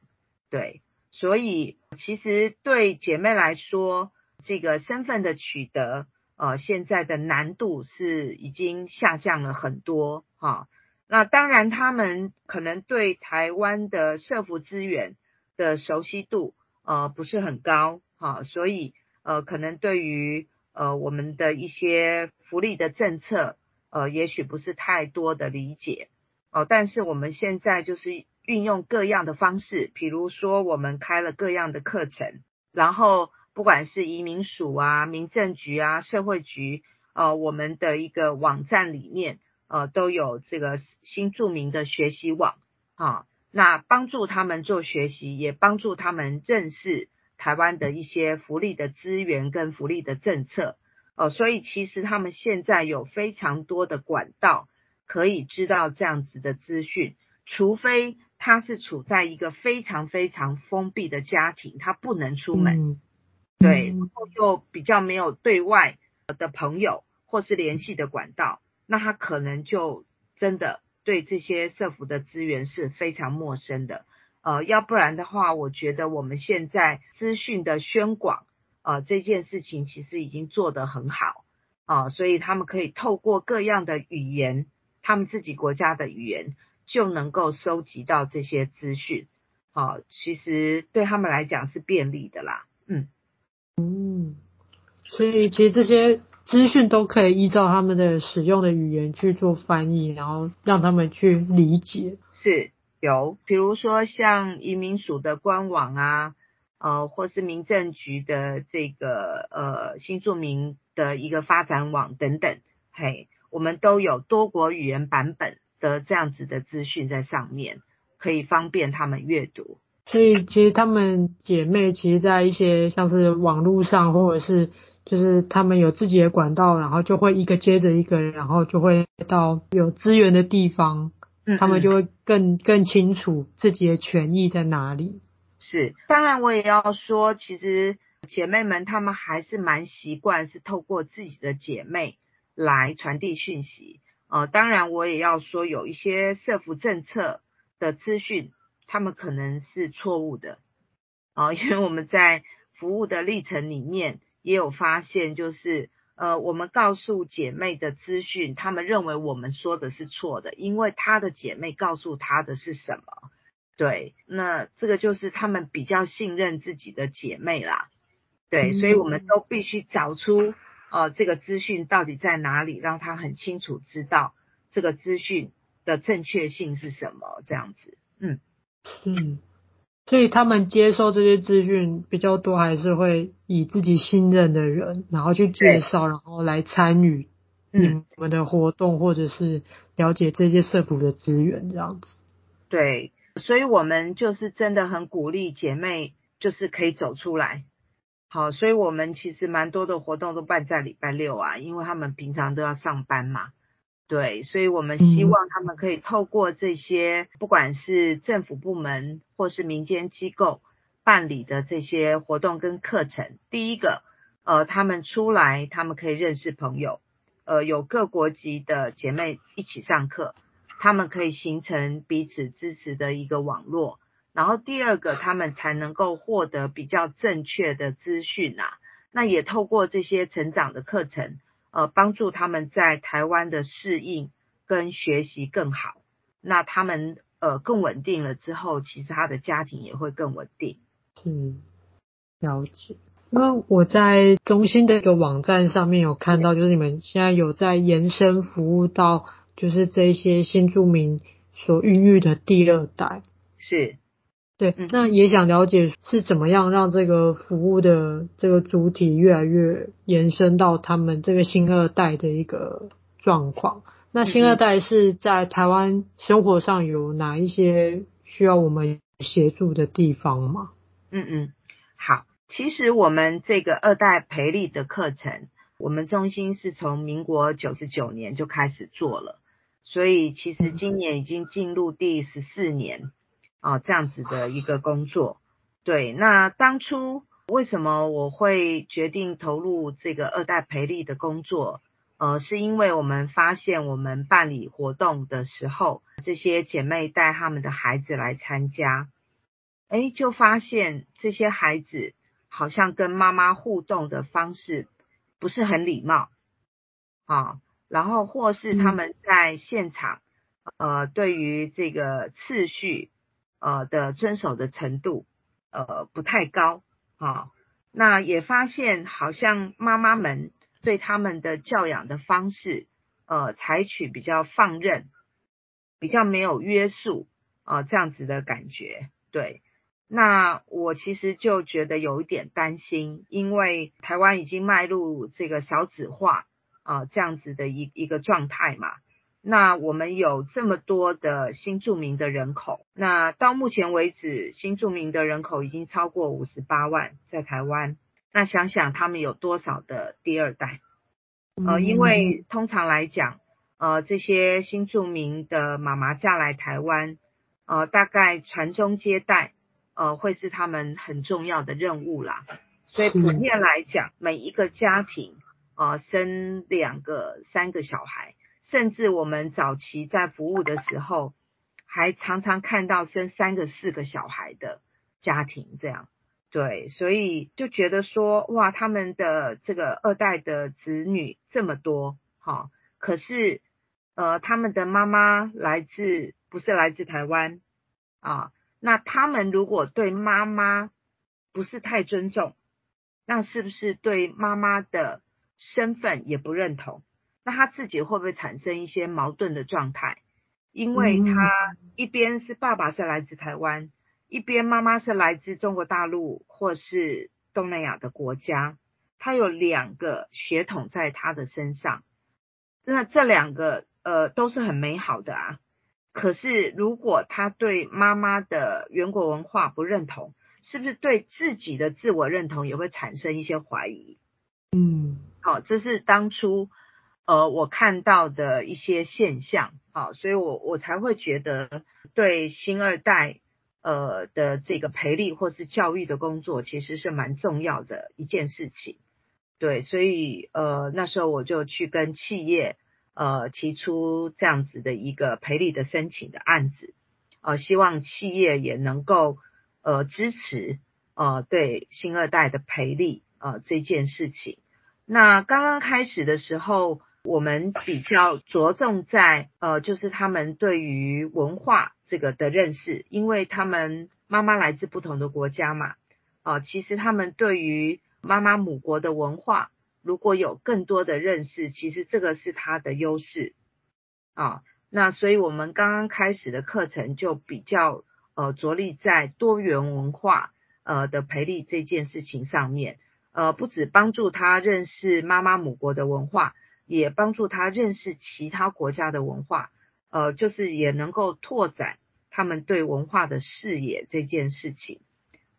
對，所以其實對姐妹來說，這個身份的取得，呃，現在的難度是已經下降了很多齁。那當然，他們可能對台灣的社福資源的熟悉度，呃，不是很高齁，所以呃，可能對於呃我們的一些福利的政策。呃，也許不是太多的理解哦，但是我們現在就是運用各樣的方式，比如說我們開了各樣的課程，然後不管是移民署啊、民政局啊、社會局，呃，我們的一個網站裡面，呃，都有這個新住民的學習網啊，那幫助他們做學習，也幫助他們認識台灣的一些福利的資源跟福利的政策。哦、呃，所以其實他們現在有非常多的管道可以知道這樣子的資訊，除非他是處在一個非常非常封閉的家庭，他不能出門，嗯、對，然後又比較沒有對外的朋友或是聯繫的管道，那他可能就真的對這些社福的資源是非常陌生的。呃，要不然的話，我覺得我們現在資訊的宣廣。啊，這件事情其實已經做得很好啊，所以他們可以透過各樣的語言，他們自己國家的語言，就能夠收集到這些資訊。好、啊，其實對他們來講是便利的啦。嗯，嗯，所以其實這些資訊都可以依照他們的使用的語言去做翻譯，然後讓他們去理解。嗯、是有，比如說像移民署的官網啊。呃，或是民政局的這個呃新住民的一個發展網等等，嘿，我們都有多國語言版本的這樣子的資訊在上面，可以方便他們閱讀。所以其實他們姐妹，其實，在一些像是網絡上，或者是就是他們有自己的管道，然後就會一個接着一個，然後就會到有資源的地方，嗯，他們就會更更清楚自己的權益在哪裡。是，當然我也要說，其實姐妹們她們還是蠻習慣是透過自己的姐妹來傳遞訊息啊、呃。當然我也要說，有一些社福政策的資訊，她們可能是錯誤的啊、呃，因為我們在服務的歷程裡面也有發現，就是呃，我們告訴姐妹的資訊，她們認為我們說的是錯的，因為她的姐妹告訴她的是什麼？對，那這個就是他們比較信任自己的姐妹啦，對，所以我們都必須找出呃，這個資訊到底在哪裡，讓他很清楚知道這個資訊的正確性是什麼，這樣子，嗯嗯，所以他們接受這些資訊比較多，還是會以自己信任的人，然後去介紹，然後來參與你們的活動、嗯、或者是了解這些社福的資源，這樣子，對。所以，我們就是真的很鼓勵姐妹，就是可以走出來。好，所以我們其實蠻多的活動都辦在禮拜六啊，因為他們平常都要上班嘛。對，所以我們希望他們可以透過這些，不管是政府部門或是民間機構辦理的這些活動跟課程，第一個，呃，他們出來，他們可以認識朋友，呃，有各國籍的姐妹一起上課。他們可以形成彼此支持的一個網絡，然後第二個，他們才能夠獲得比較正確的資訊吶啊。那也透過這些成長的課程，呃，幫助他們在台灣的適應跟學習更好。那他們呃更穩定了之後，其實他的家庭也會更穩定。嗯，了解。那我在中心的一個網站上面有看到，就是你們現在有在延伸服務到。就是這些新住民所孕育的第二代，是對、嗯。那也想了解，是怎麼樣讓這個服務的這個主體越來越延伸到他們這個新二代的一個狀況。那新二代是在台灣生活上有哪一些需要我們協助的地方嗎？嗯嗯，好。其實我們這個二代培力的課程，我們中心是從民國九十九年就開始做了，所以其實今年已經進入第十四年啊，哦，這樣子的一個工作。對，那當初為什麼我會決定投入這個二代培力的工作？呃，是因為我們發現我們辦理活動的時候，這些姐妹帶他們的孩子來參加，哎，就發現這些孩子好像跟媽媽互動的方式不是很禮貌啊。哦然後或是他們在現場，呃，對於這個秩序，呃的遵守的程度，呃不太高啊，哦。那也發現好像媽媽們對他們的教養的方式，呃，採取比較放任，比較沒有約束啊、呃，這樣子的感覺。對，那我其實就覺得有一點擔心，因為台灣已經邁入這個少子化。啊，這樣子的一一個狀態嘛。那我們有這麼多的新住民的人口，那到目前為止，新住民的人口已經超過五十八萬，在台灣。那想想他們有多少的第二代？呃，因為通常來講，呃，這些新住民的媽媽嫁來台灣，呃，大概傳宗接代，呃，會是他們很重要的任務啦。所以普遍來講，每一個家庭。啊、呃，生兩個、三個小孩，甚至我們早期在服務的時候，還常常看到生三個、四個小孩的家庭，這樣對，所以就覺得說，哇，他們的這個二代的子女這麼多，哈、哦，可是呃，他們的媽媽來自不是來自台灣啊、哦，那他們如果對媽媽不是太尊重，那是不是對媽媽的？身份也不認同，那他自己會不會產生一些矛盾的狀態？因為他一邊是爸爸是來自台灣，一邊媽媽是來自中國大陸或是東南亞的國家，他有兩個血統在他的身上。那這兩個呃都是很美好的啊。可是如果他對媽媽的原國文化不認同，是不是對自己的自我認同也會產生一些懷疑？嗯。好，這是當初，呃，我看到的一些現象，好、啊，所以我我才會覺得對新二代，呃的這個培力或是教育的工作，其實是蠻重要的一件事情。對，所以呃那時候我就去跟企業，呃提出這樣子的一個培力的申請的案子，呃希望企業也能夠呃支持，呃對新二代的培力呃這件事情。那剛剛開始的時候，我們比較着重在呃，就是他們對於文化這個的認識，因為他們媽媽來自不同的國家嘛，啊、呃，其實他們對於媽媽母國的文化如果有更多的認識，其實這個是他的優勢啊、呃。那所以我們剛剛開始的課程就比較呃着力在多元文化呃的培力這件事情上面。呃，不只幫助他認識媽媽母國的文化，也幫助他認識其他國家的文化，呃，就是也能夠拓展他們對文化的視野這件事情。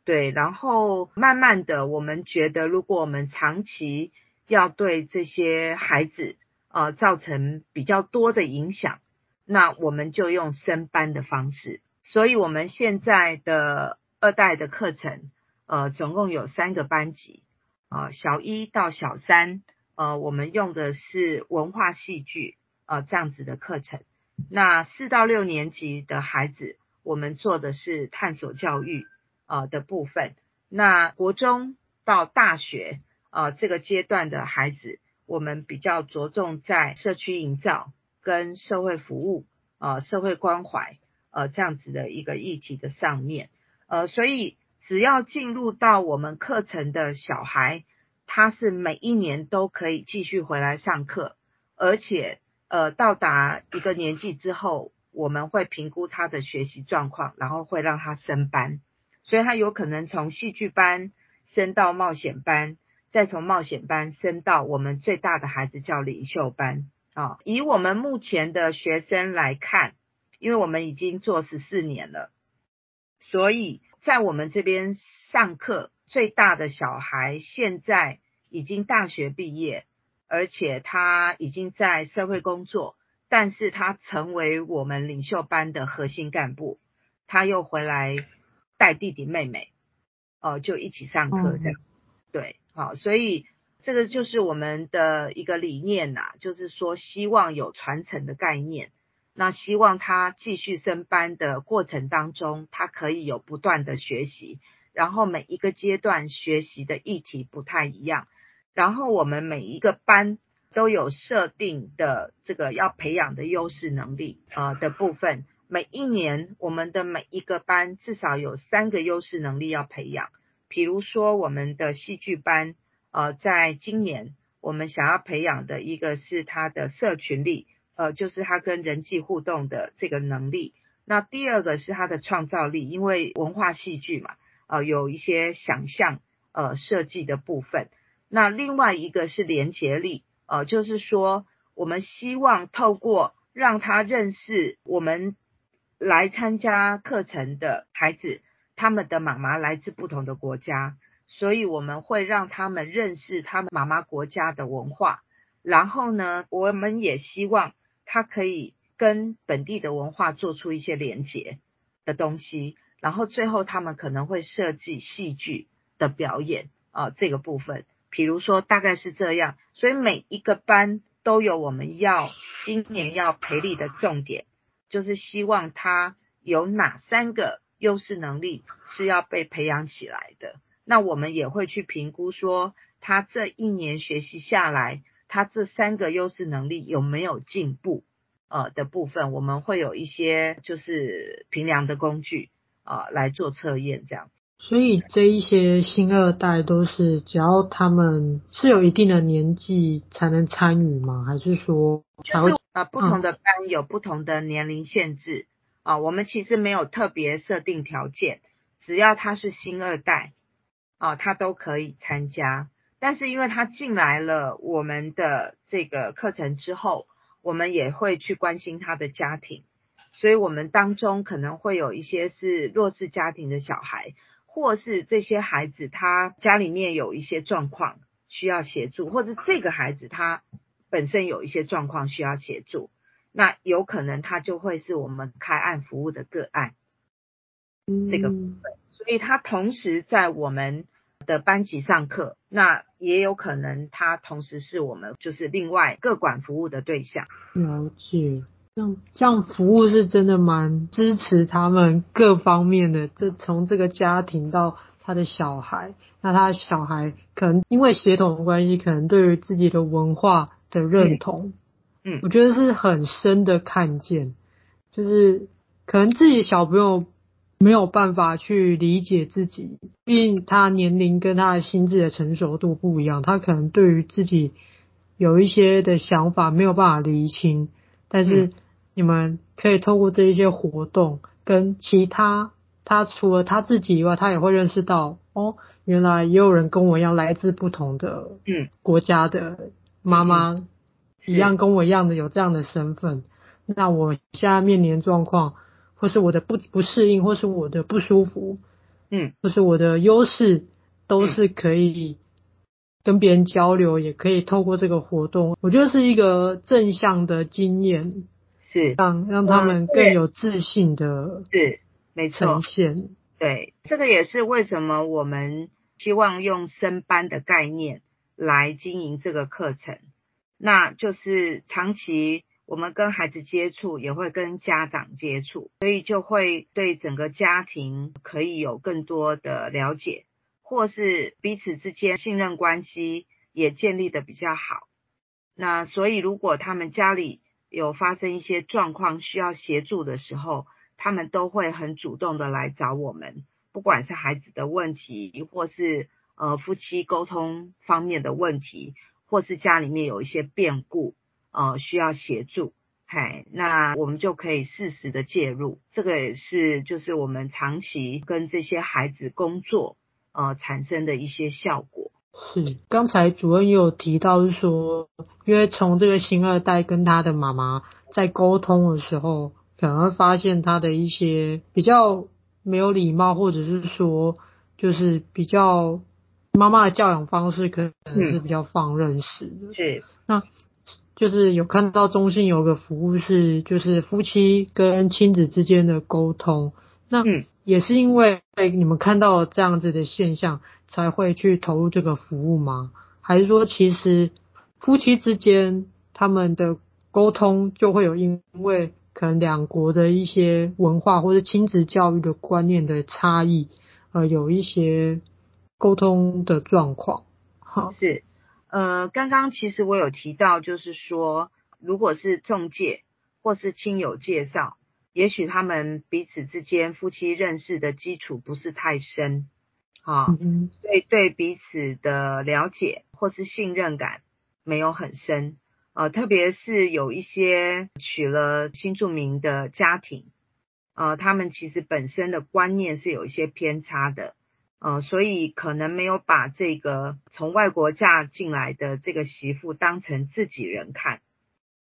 對，然後慢慢的，我們覺得如果我們長期要對這些孩子，呃，造成比較多的影響，那我們就用升班的方式。所以，我們現在的二代的課程，呃，總共有三個班級。啊、呃，小一到小三，呃，我們用的是文化戲劇啊、呃、這樣子的課程。那四到六年級的孩子，我們做的是探索教育啊、呃、的部分。那國中到大學啊、呃、這個階段的孩子，我們比較着重在社區營造跟社會服務啊、呃、社會關懷，呃，這樣子的一個議題的上面。呃，所以。只要進入到我們課程的小孩，他是每一年都可以繼續回來上課，而且呃到達一個年紀之後，我們會評估他的學習狀況，然後會讓他升班，所以他有可能從戲劇班升到冒險班，再從冒險班升到我們最大的孩子叫領袖班啊、哦。以我們目前的學生來看，因為我們已經做十四年了，所以。在我們這邊上課，最大的小孩現在已經大學畢業，而且他已經在社會工作，但是他成為我們領袖班的核心幹部，他又回來帶弟弟妹妹，哦、呃，就一起上課這樣、嗯，對，好、哦，所以這個就是我們的一個理念吶、啊，就是說希望有傳承的概念。那希望他繼續升班的過程當中，他可以有不斷的學習，然後每一個階段學習的議題不太一樣，然後我們每一個班都有設定的這個要培養的優勢能力啊、呃、的部分，每一年我們的每一個班至少有三個優勢能力要培養，比如說我們的戲劇班，呃，在今年我們想要培養的一個是他的社群力。呃，就是他跟人際互動的這個能力。那第二個是他的創造力，因為文化戲劇嘛，呃，有一些想象，呃，設計的部分。那另外一個是連結力，呃，就是說我們希望透過讓他認識我們來參加課程的孩子，他們的媽媽來自不同的國家，所以我們會讓他們認識他們媽媽國家的文化。然後呢，我們也希望。他可以跟本地的文化做出一些連結的東西，然後最後他們可能會設計戲劇的表演啊、呃、這個部分，比如說大概是這樣，所以每一個班都有我們要今年要培力的重點，就是希望他有哪三個優勢能力是要被培養起來的，那我們也會去評估說他這一年學習下來。他這三個優勢能力有沒有進步？呃的部分，我們會有一些就是評量的工具呃來做測驗，這樣子。所以這一些新二代都是只要他們是有一定的年紀才能參與嗎？還是說？就是，呃，不同的班有不同的年齡限制啊，呃，我們其實沒有特別設定條件，只要他是新二代啊，呃，他都可以參加。但是因為他進來了我們的這個課程之後，我們也會去關心他的家庭，所以我們當中可能會有一些是弱勢家庭的小孩，或是這些孩子他家裡面有一些狀況需要協助，或者這個孩子他本身有一些狀況需要協助，那有可能他就會是我們開案服務的個案。嗯，這個部分，所以他同時在我們。的班級上課，那也有可能他同時是我們就是另外各管服務的對象。了解，這樣這樣服務是真的蠻支持他們各方面的。這，從這個家庭到他的小孩，那他的小孩可能因為血統關係，可能對於自己的文化的認同嗯，嗯，我覺得是很深的看見，就是可能自己小朋友。沒有辦法去理解自己，畢竟他年齡跟他的心智的成熟度不一樣，他可能對於自己有一些的想法沒有辦法釐清。但是你們可以透過這一些活動，嗯、跟其他他除了他自己以外，他也會認識到哦，原來也有人跟我一樣來自不同的國家的媽媽，嗯嗯、一樣跟我一樣的有這樣的身份，那我現在面臨的狀況。或是我的不不適應或是我的不舒服，嗯，或是我的優勢，都是可以跟別人交流、嗯，也可以透過這個活動，我覺得是一個正向的經驗，是讓讓他們更有自信的呈現、啊，是沒錯，對，這個也是為什麼我們希望用升班的概念來經營這個課程，那就是長期。我們跟孩子接觸，也會跟家長接觸，所以就會對整個家庭可以有更多的了解，或是彼此之間信任關係也建立得比較好。那所以，如果他們家裡有發生一些狀況需要協助的時候，他們都會很主動的來找我們，不管是孩子的問題，或是呃夫妻溝通方面的問題，或是家裡面有一些變故。呃，需要協助，嘿，那我們就可以適時的介入，這個也是就是我們長期跟這些孩子工作，呃，產生的一些效果。是，剛才主任也有提到，是說，因為從這個新二代跟他的媽媽在溝通的時候，可能會發現他的一些比較沒有禮貌，或者是說，就是比較媽媽的教養方式可能是比較放任式的。嗯。是，那。就是有看到中心有個服務是，就是夫妻跟親子之間的溝通，那也是因為你們看到這樣子的現象，才會去投入這個服務嗎？還是說，其實夫妻之間他們的溝通就會有，因為可能兩國的一些文化或者親子教育的觀念的差異，呃，有一些溝通的狀況？好。是。呃，剛剛其實我有提到，就是說，如果是仲介或是親友介紹，也許他們彼此之間夫妻認識的基礎不是太深，啊，對、嗯、對彼此的了解或是信任感沒有很深，呃，特別是有一些娶了新住民的家庭，呃，他們其實本身的觀念是有一些偏差的。啊、呃，所以可能沒有把這個從外國嫁進來的這個媳婦當成自己人看，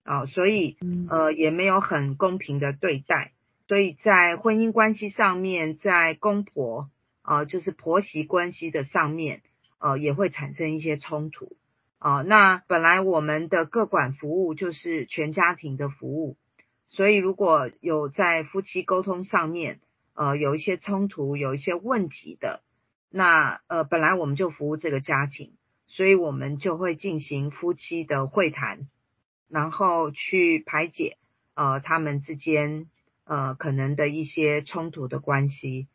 啊、呃，所以呃也沒有很公平的對待，所以在婚姻關係上面，在公婆啊、呃、就是婆媳關係的上面，呃也會產生一些衝突，啊、呃，那本來我們的個管服務就是全家庭的服務，所以如果有在夫妻溝通上面呃有一些衝突，有一些問題的。那呃，本來我們就服務這個家庭，所以我們就會進行夫妻的會談，然後去排解呃他們之間呃可能的一些衝突的關係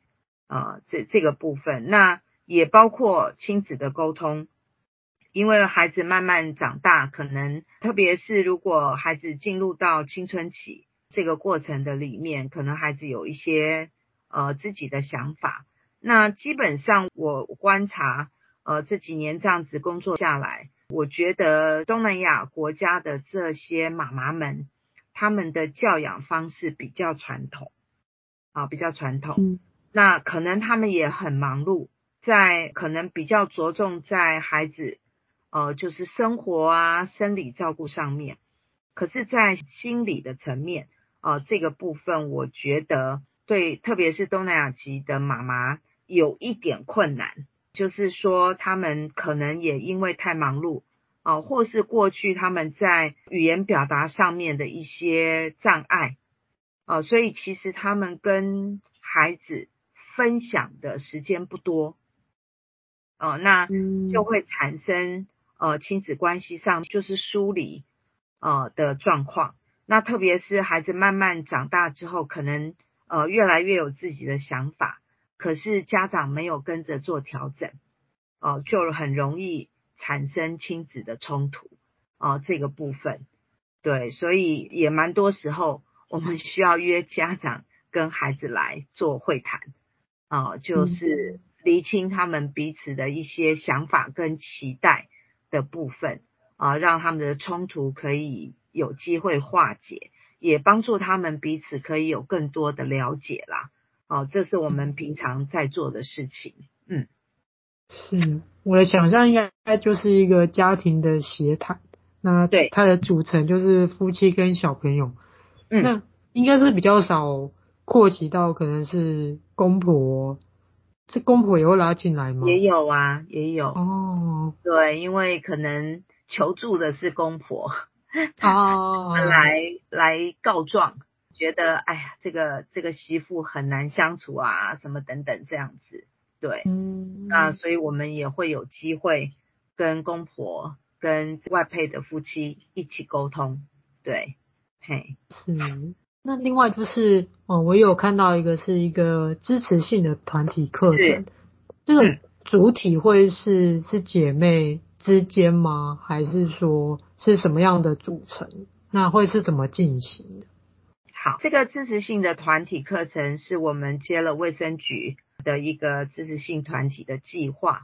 啊、呃、這這個部分，那也包括親子的溝通，因為孩子慢慢長大，可能特別是如果孩子進入到青春期這個過程的裡面，可能孩子有一些呃自己的想法。那基本上我觀察，呃，這幾年這樣子工作下來，我覺得東南亞國家的這些媽媽們，他們的教養方式比較傳統，啊、呃，比較傳統。嗯。那可能他們也很忙碌，在可能比較着重在孩子，呃，就是生活啊、生理照顧上面，可是，在心理的層面，呃，這個部分我覺得對，特別是東南亞籍的媽媽。有一點困難，就是說他們可能也因為太忙碌，啊、呃，或是過去他們在語言表達上面的一些障礙，啊、呃，所以其實他們跟孩子分享的時間不多，哦、呃，那就會產生呃親子關係上就是疏離，呃的狀況。那特別是孩子慢慢長大之後，可能呃越來越有自己的想法。可是家長沒有跟着做調整，哦、呃，就很容易產生親子的衝突，哦、呃，這個部分，對，所以也蠻多時候，我們需要約家長跟孩子來做會談，哦、呃，就是釐清他們彼此的一些想法跟期待的部分，啊、呃，讓他們的衝突可以有機會化解，也幫助他們彼此可以有更多的了解啦。好、哦，這是我們平常在做的事情。嗯，是，我的想象應該就是一個家庭的型態。那對，它的組成就是夫妻跟小朋友。嗯，那應該是比較少擴及到，可能是公婆。這公婆也會拉進來嗎？也有啊，也有。哦，對，因為可能求助的是公婆。哦。 [LAUGHS] 來來告狀。覺得哎呀，這個這個媳婦很難相處啊，什麼等等這樣子，對，嗯，那所以我們也會有機會跟公婆、跟外配的夫妻一起溝通，對，嘿，是。那另外就是哦，嗯，我有看到一個是一個支持性的團體課程，這個主體會是是姐妹之間嗎？還是說是什麼樣的組成？那會是怎麼進行的？好，這個支持性的團體課程是我們接了衛生局的一個支持性團體的計劃，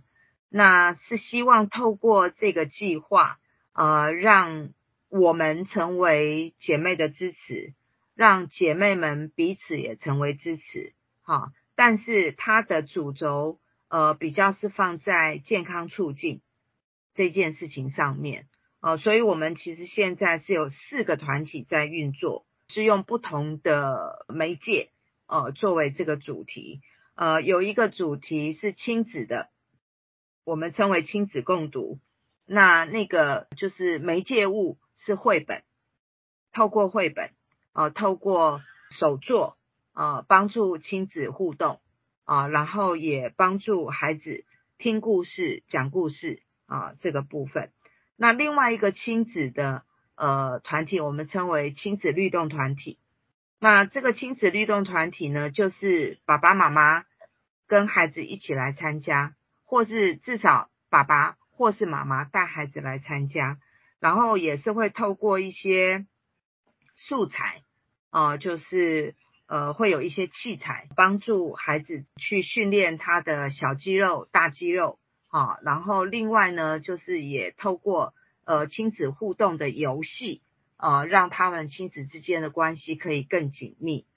那是希望透過這個計劃，呃，讓我們成為姐妹的支持，讓姐妹們彼此也成為支持。好、啊，但是它的主軸，呃，比較是放在健康促進這件事情上面，呃、啊，所以我們其實現在是有四個團體在運作。是用不同的媒介，呃，作為這個主題，呃，有一個主題是親子的，我們稱為親子共讀，那那個就是媒介物是繪本，透過繪本，啊、呃，透過手作，啊、呃，幫助親子互動，啊、呃，然後也幫助孩子聽故事、講故事，啊、呃，這個部分，那另外一個親子的。呃，團體我們稱為親子律動團體。那這個親子律動團體呢，就是爸爸媽媽跟孩子一起來參加，或是至少爸爸或是媽媽帶孩子來參加。然後也是會透過一些素材，啊、呃，就是呃，會有一些器材幫助孩子去訓練他的小肌肉、大肌肉，啊、哦，然後另外呢，就是也透過。呃，親子互動的遊戲啊，讓他們親子之間的關係可以更緊密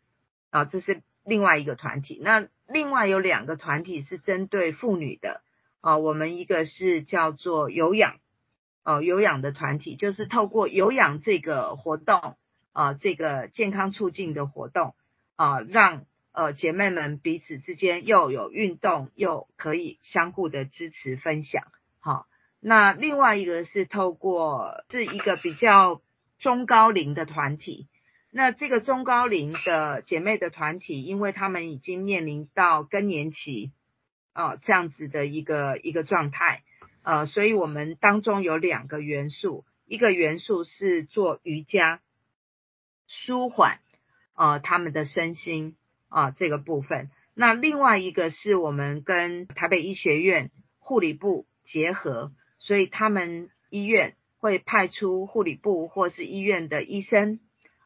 啊，這是另外一個團體。那另外有兩個團體是針對婦女的啊，我們一個是叫做有氧呃、啊，有氧的團體，就是透過有氧這個活動啊，這個健康促進的活動啊，讓呃、啊，姐妹們彼此之間又有運動，又可以相互的支持分享，好、啊。那另外一個是透過是一個比較中高齡的團體，那這個中高齡的姐妹的團體，因為他們已經面臨到更年期啊，這樣子的一個一個狀態，呃、啊，所以我們當中有兩個元素，一個元素是做瑜伽舒緩啊，他們的身心啊，這個部分，那另外一個是我們跟台北醫學院護理部結合。所以他們醫院會派出護理部或是醫院的醫生，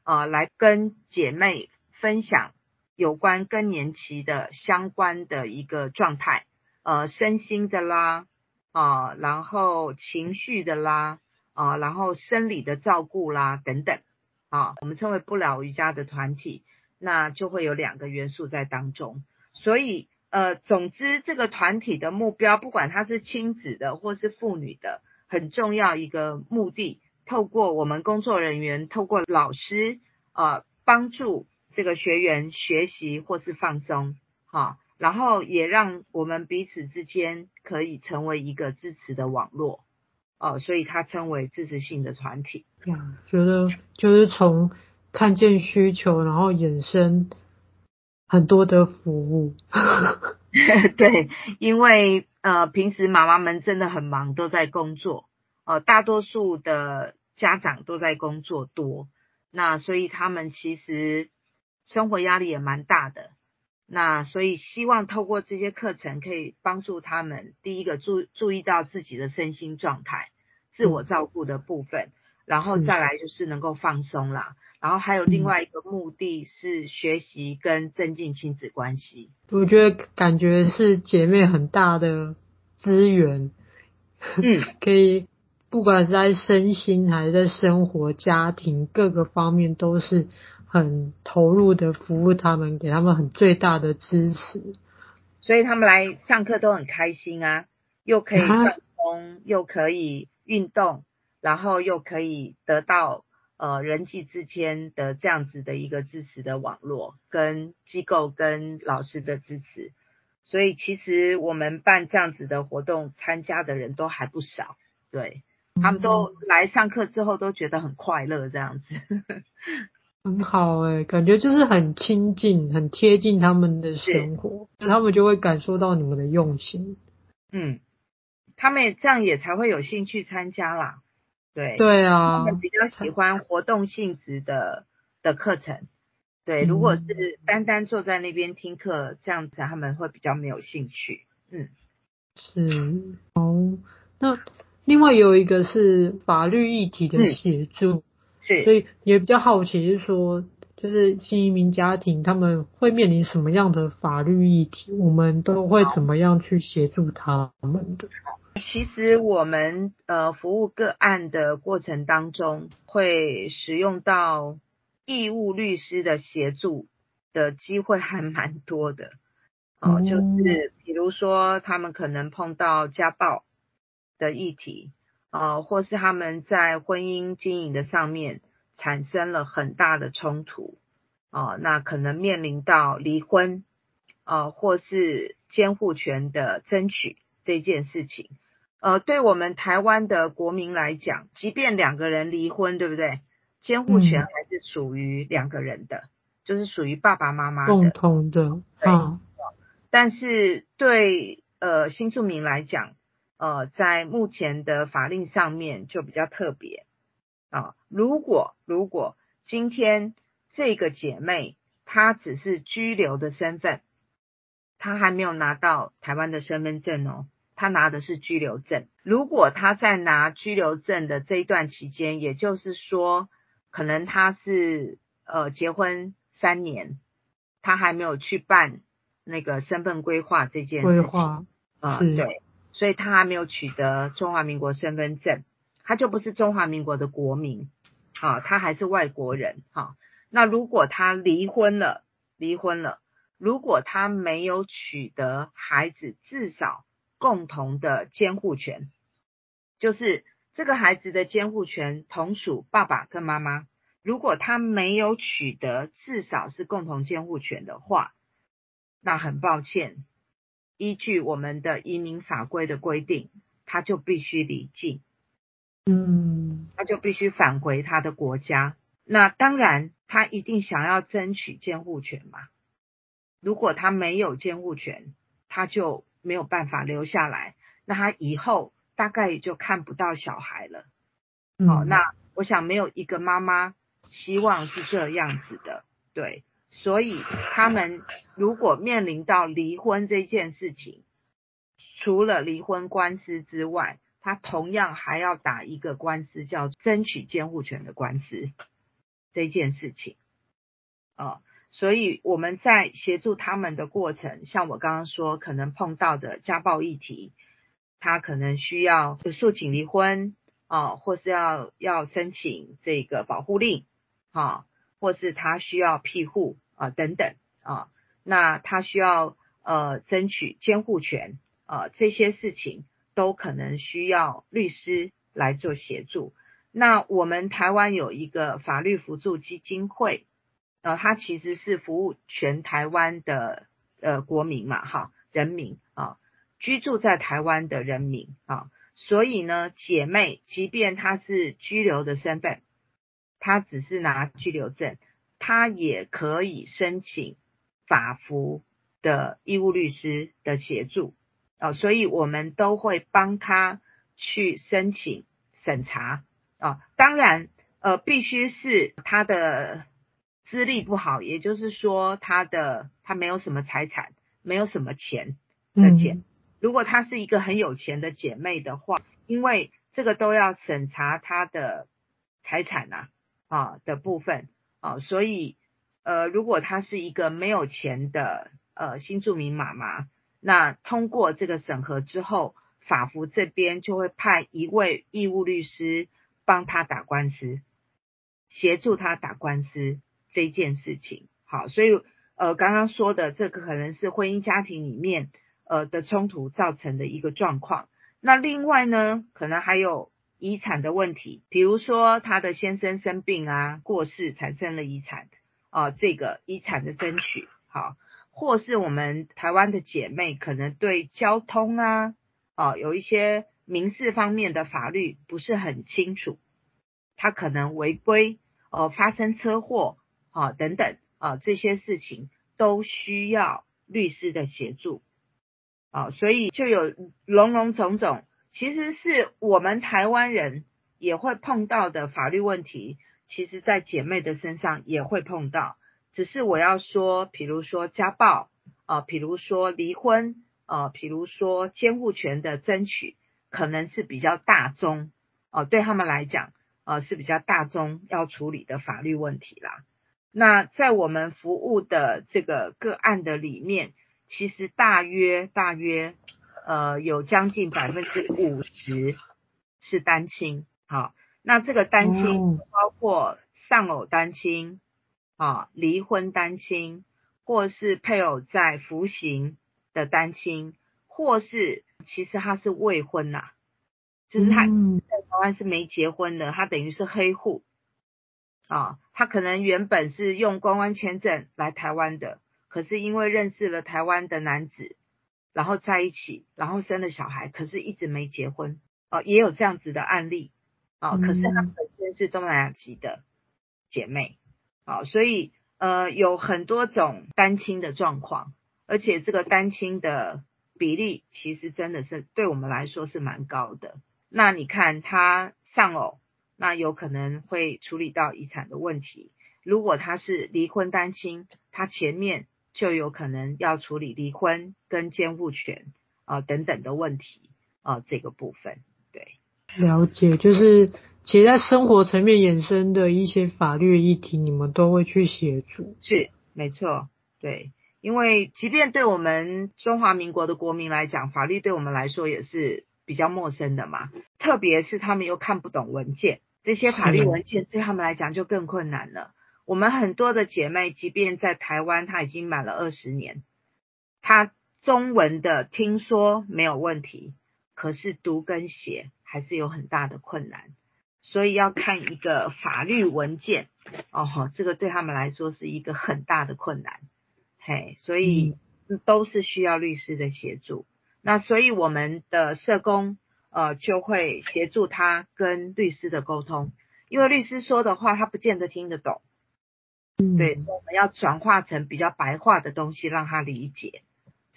啊、呃，來跟姐妹分享有關更年期的相關的一個狀態，呃，身心的啦，啊、呃，然後情緒的啦，啊、呃，然後生理的照顧啦等等，啊，我們稱為不老瑜伽的團體，那就會有兩個元素在當中，所以。呃，總之，這個團體的目標，不管它是親子的或是婦女的，很重要一個目的，透過我們工作人員，透過老師，呃，幫助這個學員學習或是放鬆，哈、哦，然後也讓我們彼此之間可以成為一個支持的網絡，哦，所以它稱為支持性的團體。嗯，覺得就是從看見需求，然後衍生很多的服務 [LAUGHS] 對，因為呃，平時媽媽們真的很忙，都在工作，呃，大多數的家長都在工作多，那所以他們其實生活壓力也蠻大的，那所以希望透過這些課程可以幫助他們，第一個注注意到自己的身心狀態，自我照顧的部分。嗯然後再來就是能夠放鬆啦，然後還有另外一個目的是學習跟增進親子關係。我覺得感覺是姐妹很大的資源，嗯， [LAUGHS] 可以不管是在身心還是在生活、家庭各個方面，都是很投入的服務他們，給他們很最大的支持。所以他們來上課都很開心啊，又可以放鬆、啊，又可以運動。然後又可以得到呃人際之間的這樣子的一個支持的網絡，跟機構跟老師的支持，所以其實我們辦這樣子的活動，參加的人都還不少，對，他們都來上課之後都覺得很快樂，這樣子， [LAUGHS] 很好欸，感覺就是很親近，很貼近他們的生活，那他們就會感受到你們的用心，嗯，他們也這樣也才會有興趣參加啦。對對啊，他們比較喜歡活動性質的的課程。對、嗯，如果是單單坐在那邊聽課這樣子，他們會比較沒有興趣。嗯，是哦。那另外有一個是法律議題的協助，嗯、是，所以也比較好奇，就是說，就是新移民家庭他們會面臨什麼樣的法律議題，我們都會怎麼樣去協助他們的？其實我們呃服務個案的過程當中，會使用到義務律師的協助的機會還蠻多的哦、呃。就是比如說，他們可能碰到家暴的議題，哦、呃，或是他們在婚姻經營的上面產生了很大的衝突，哦、呃，那可能面臨到離婚，哦、呃，或是監護權的爭取這件事情。呃，對我們台灣的國民來講，即便兩個人離婚，對不對？監護權還是屬於兩個人的，嗯，就是屬於爸爸媽媽的共同的啊，呃。但是對呃新住民來講，呃，在目前的法令上面就比較特別啊，呃。如果如果今天這個姐妹她只是居留的身份，她還沒有拿到台灣的身份證哦。他拿的是居留證。如果他在拿居留證的這一段期間，也就是說，可能他是呃結婚三年，他還沒有去辦那個身份規劃這件事情，規劃，呃，對，所以他還沒有取得中華民國身份證，他就不是中華民國的國民，啊，他還是外國人，哈，啊。那如果他離婚了，離婚了，如果他沒有取得孩子，至少，共同的監護權，就是這個孩子的監護權同屬爸爸跟媽媽。如果他沒有取得至少是共同監護權的話，那很抱歉，依據我們的移民法規的規定，他就必須離境，嗯，他就必須返回他的國家。那當然，他一定想要爭取監護權嘛。如果他沒有監護權，他就。沒有辦法留下來，那他以後大概也就看不到小孩了。好、嗯，哦，那我想沒有一個媽媽希望是這樣子的，對。所以他們如果面臨到離婚這件事情，除了離婚官司之外，他同樣還要打一個官司，叫爭取監護權的官司。這件事情，啊、哦。所以我們在協助他們的過程，像我剛剛說，可能碰到的家暴議題，他可能需要訴請離婚啊，或是要要申請這個保護令，啊，或是他需要庇護啊等等啊，那他需要呃爭取監護權啊，這些事情都可能需要律師來做協助。那我們台灣有一個法律扶助基金會。呃，他其實是服務全台灣的呃國民嘛，哈，人民啊、哦，居住在台灣的人民啊、哦，所以呢，姐妹，即便他是居留的身份，他只是拿居留證，他也可以申請法服的義務律師的協助啊、哦，所以我們都會幫他去申請審查啊、哦，當然，呃，必須是他的。資歷不好，也就是說，他的他沒有什麼財產，沒有什麼錢的錢，嗯。如果她是一個很有錢的姐妹的話，因為這個都要審查她的財產吶，啊，的部分啊，所以呃，如果她是一個沒有錢的呃新住民媽媽，那通過這個審核之後，法福這邊就會派一位義務律師幫她打官司，協助她打官司。這件事情好，所以呃，剛剛說的這個可能是婚姻家庭裡面呃的衝突造成的一個狀況。那另外呢，可能還有遺產的問題，比如說他的先生生病啊、過世產生了遺產啊、呃，這個遺產的爭取好，或是我們台灣的姐妹可能對交通啊哦、呃、有一些民事方面的法律不是很清楚，他可能違規呃發生車禍。啊，等等啊，這些事情都需要律師的協助啊，所以就有種種種種。其實是我們台灣人也會碰到的法律問題，其實在姐妹的身上也會碰到。只是我要說，比如說家暴啊，比如說離婚啊，比如說監護權的爭取，可能是比較大宗哦，啊，對他們來講啊是比較大宗要處理的法律問題啦。那在我們服務的這個個案的裡面，其實大約大約，呃，有將近百分之五十是單親。好、啊，那這個單親包括喪偶單親，啊，離婚單親，或是配偶在服刑的單親，或是其實他是未婚吶、啊，就是他，嗯，在台灣是沒結婚的，他等於是黑戶。啊、哦，他可能原本是用觀光簽證來台灣的，可是因為認識了台灣的男子，然後在一起，然後生了小孩，可是一直沒結婚。啊、哦，也有這樣子的案例。啊、哦，嗯、可是他本身是東南亞籍的姐妹。啊、哦，所以呃有很多種單親的狀況，而且這個單親的比例其實真的是對我們來說是蠻高的。那你看他喪偶。那有可能會處理到遺產的問題。如果他是離婚單親，他前面就有可能要處理離婚跟監護權啊、呃、等等的問題啊、呃、這個部分，對，了解，就是其實在生活層面衍生的一些法律議題，你們都會去協助，是，沒錯，對，因為即便對我們中華民國的國民來講，法律對我們來說也是比較陌生的嘛，特別是他們又看不懂文件。這些法律文件對他們來講就更困難了。我們很多的姐妹，即便在台灣，她已經滿了二十年，她中文的聽說沒有問題，可是讀跟寫還是有很大的困難。所以要看一個法律文件，哦，這個對他們來說是一個很大的困難，嘿，所以都是需要律師的協助。那所以我們的社工，呃，就會協助他跟律師的溝通，因為律師說的話他不見得聽得懂。嗯、對，我們要轉化成比較白話的東西讓他理解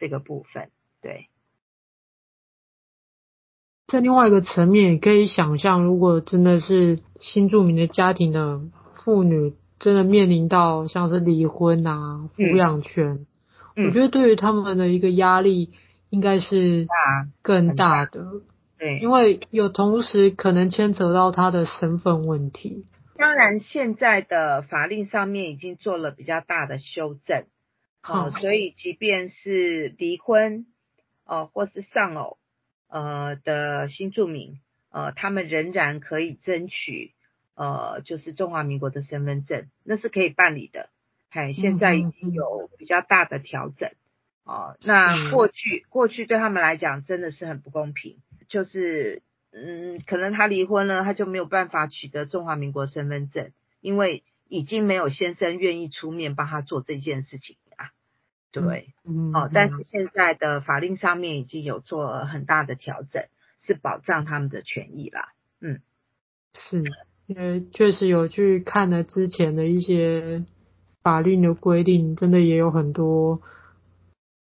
這個部分。對，在另外一個層面，也可以想象，如果真的是新住民的家庭的婦女，真的面臨到像是離婚啊、嗯、撫養權、嗯，我覺得對於他們的一個壓力應該是更大的。對，因為有同時可能牽扯到他的身份問題。當然，現在的法令上面已經做了比較大的修正，好、嗯呃，所以即便是離婚，哦、呃，或是喪偶，呃的新住民，呃，他們仍然可以爭取，呃，就是中華民國的身份證，那是可以辦理的。嘿，現在已經有比較大的調整，哦、嗯呃，那過去過去對他們來講真的是很不公平。就是，嗯，可能他離婚了，他就沒有辦法取得中華民國身份證，因為已經沒有先生願意出面幫他做這件事情啊。對，嗯，嗯，哦，但是現在的法令上面已經有做很大的調整，是保障他們的權益啦。嗯，是，因為確實有去看了之前的一些法令的規定，真的也有很多，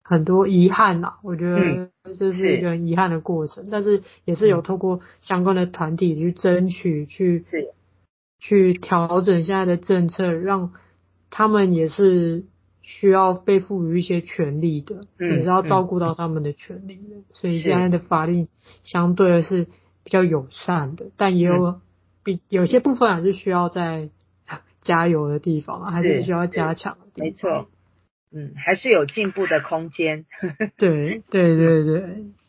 很多遺憾吶、啊，我覺得這是一個遺憾的過程、嗯，但是也是有透過相關的團體去爭取，嗯、去去調整現在的政策，讓他們也是需要被賦予一些權利的、嗯，也是要照顧到他們的權利的、嗯，所以現在的法令相對的是比較友善的，但也有比、嗯、有些部分還是需要在加油的地方，還是需要加強的地方，沒錯。嗯，還是有進步的空間。 [LAUGHS] 對對對對，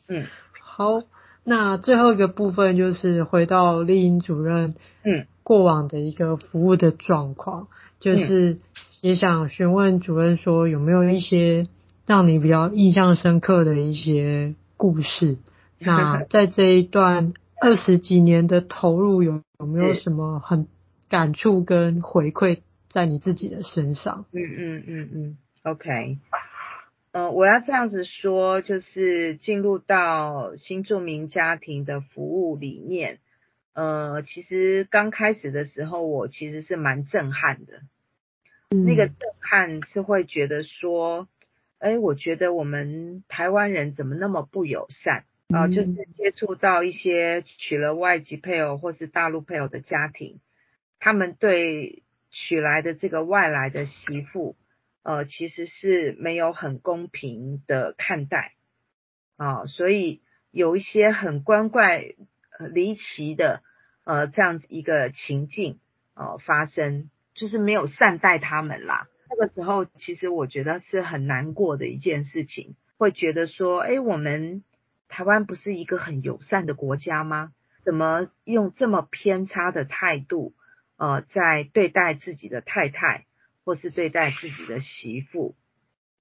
嗯，好，那最後一個部分就是回到莉英主任，嗯，過往的一個服務的狀況，嗯、就是也想詢問主任說，有沒有一些讓你比較印象深刻的一些故事？那在這一段二十幾年的投入，有有沒有什麼很感觸跟回饋在你自己的身上？嗯嗯嗯嗯。嗯嗯 OK，呃我要這樣子說，就是進入到新住民家庭的服務理念。呃，其實剛開始的時候，我其實是蠻震撼的。嗯，那個震撼是會覺得說，哎、欸，我覺得我們台灣人怎麼那麼不友善啊、嗯呃？就是接觸到一些娶了外籍配偶或是大陸配偶的家庭，他們對娶來的這個外來的媳婦。呃，其實是沒有很公平的看待啊，所以有一些很怪怪、離奇的呃這樣一個情境呃發生，就是沒有善待他們啦。那個時候，其實我覺得是很難過的一件事情，會覺得說，哎，我們台灣不是一個很友善的國家嗎？怎麼用這麼偏差的態度呃在對待自己的太太？或是對待自己的媳婦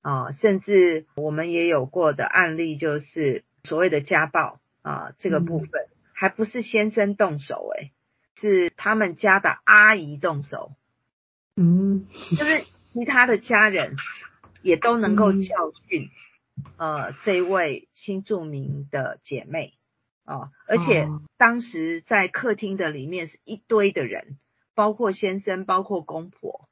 啊、呃，甚至我們也有過的案例，就是所謂的家暴啊、呃，這個部分、嗯、還不是先生動手誒、欸，是他們家的阿姨動手，嗯，就是其他的家人也都能夠教訓，嗯、呃，這位新住民的姐妹啊、呃，而且當時在客廳的裡面是一堆的人，嗯、包括先生，包括公婆。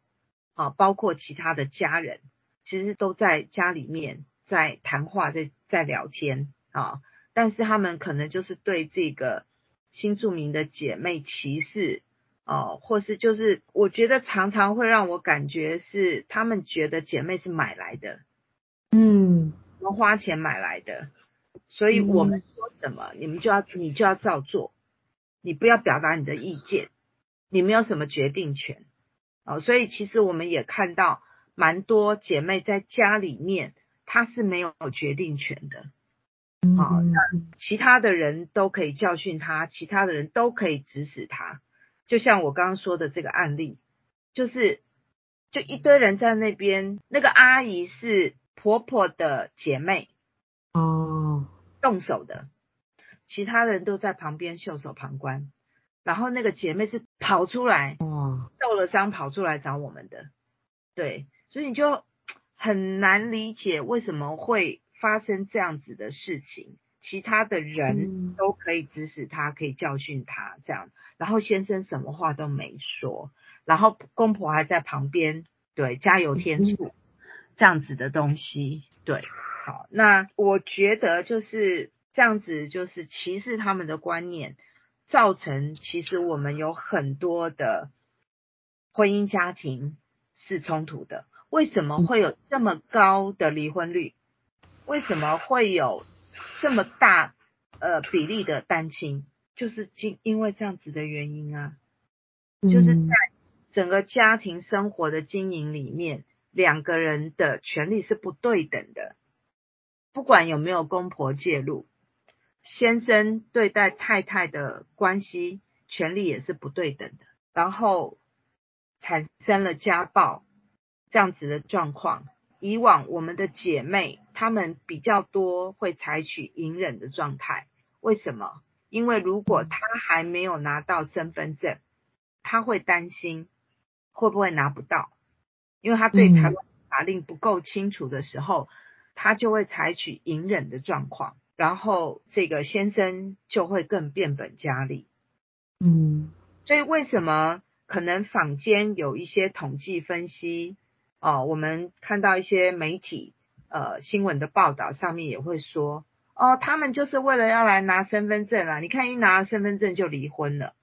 啊，包括其他的家人，其實都在家裡面在談話，在在聊天啊。但是他們可能就是對這個新住民的姐妹歧視哦、啊，或是就是我覺得常常會讓我感覺是他們覺得姐妹是買來的，嗯，花錢買來的，所以我們說什麼、嗯、你們就要你就要照做，你不要表達你的意見，你沒有什麼決定權。哦，所以其實我們也看到蠻多姐妹在家裡面，她是沒有決定權的。哦，那其他的人都可以教訓她，其他的人都可以指使她。就像我剛剛說的這個案例，就是就一堆人在那邊，那個阿姨是婆婆的姐妹，哦，動手的，其他的人都在旁邊袖手旁觀，然後那個姐妹是跑出來，哇，哦。受了傷跑出來找我們的，對，所以你就很難理解為什麼會發生這樣子的事情。其他的人都可以指使他，嗯、可以教訓他這樣，然後先生什麼話都沒說，然後公婆還在旁邊，對，加油添醋、嗯、這樣子的東西，對，好，那我覺得就是這樣子，就是歧視他們的觀念，造成其實我們有很多的。婚姻家庭是衝突的，為什麼會有這麼高的離婚率？為什麼會有這麼大呃比例的單親？就是因因為這樣子的原因啊，就是在整個家庭生活的經營裡面，兩個人的權利是不對等的，不管有沒有公婆介入，先生對待太太的關係，權利也是不對等的，然後。產生了家暴這樣子的狀況。以往我們的姐妹，她們比較多會採取隱忍的狀態。為什麼？因為如果她還沒有拿到身份證，她會擔心會不會拿不到。因為她對台灣法令不夠清楚的時候，嗯、她就會採取隱忍的狀況，然後這個先生就會更變本加厲。嗯，所以為什麼？可能坊間有一些統計分析，哦，我們看到一些媒體呃新聞的報道上面也會說，哦，他們就是為了要來拿身份證啊，你看一拿身份證就離婚了，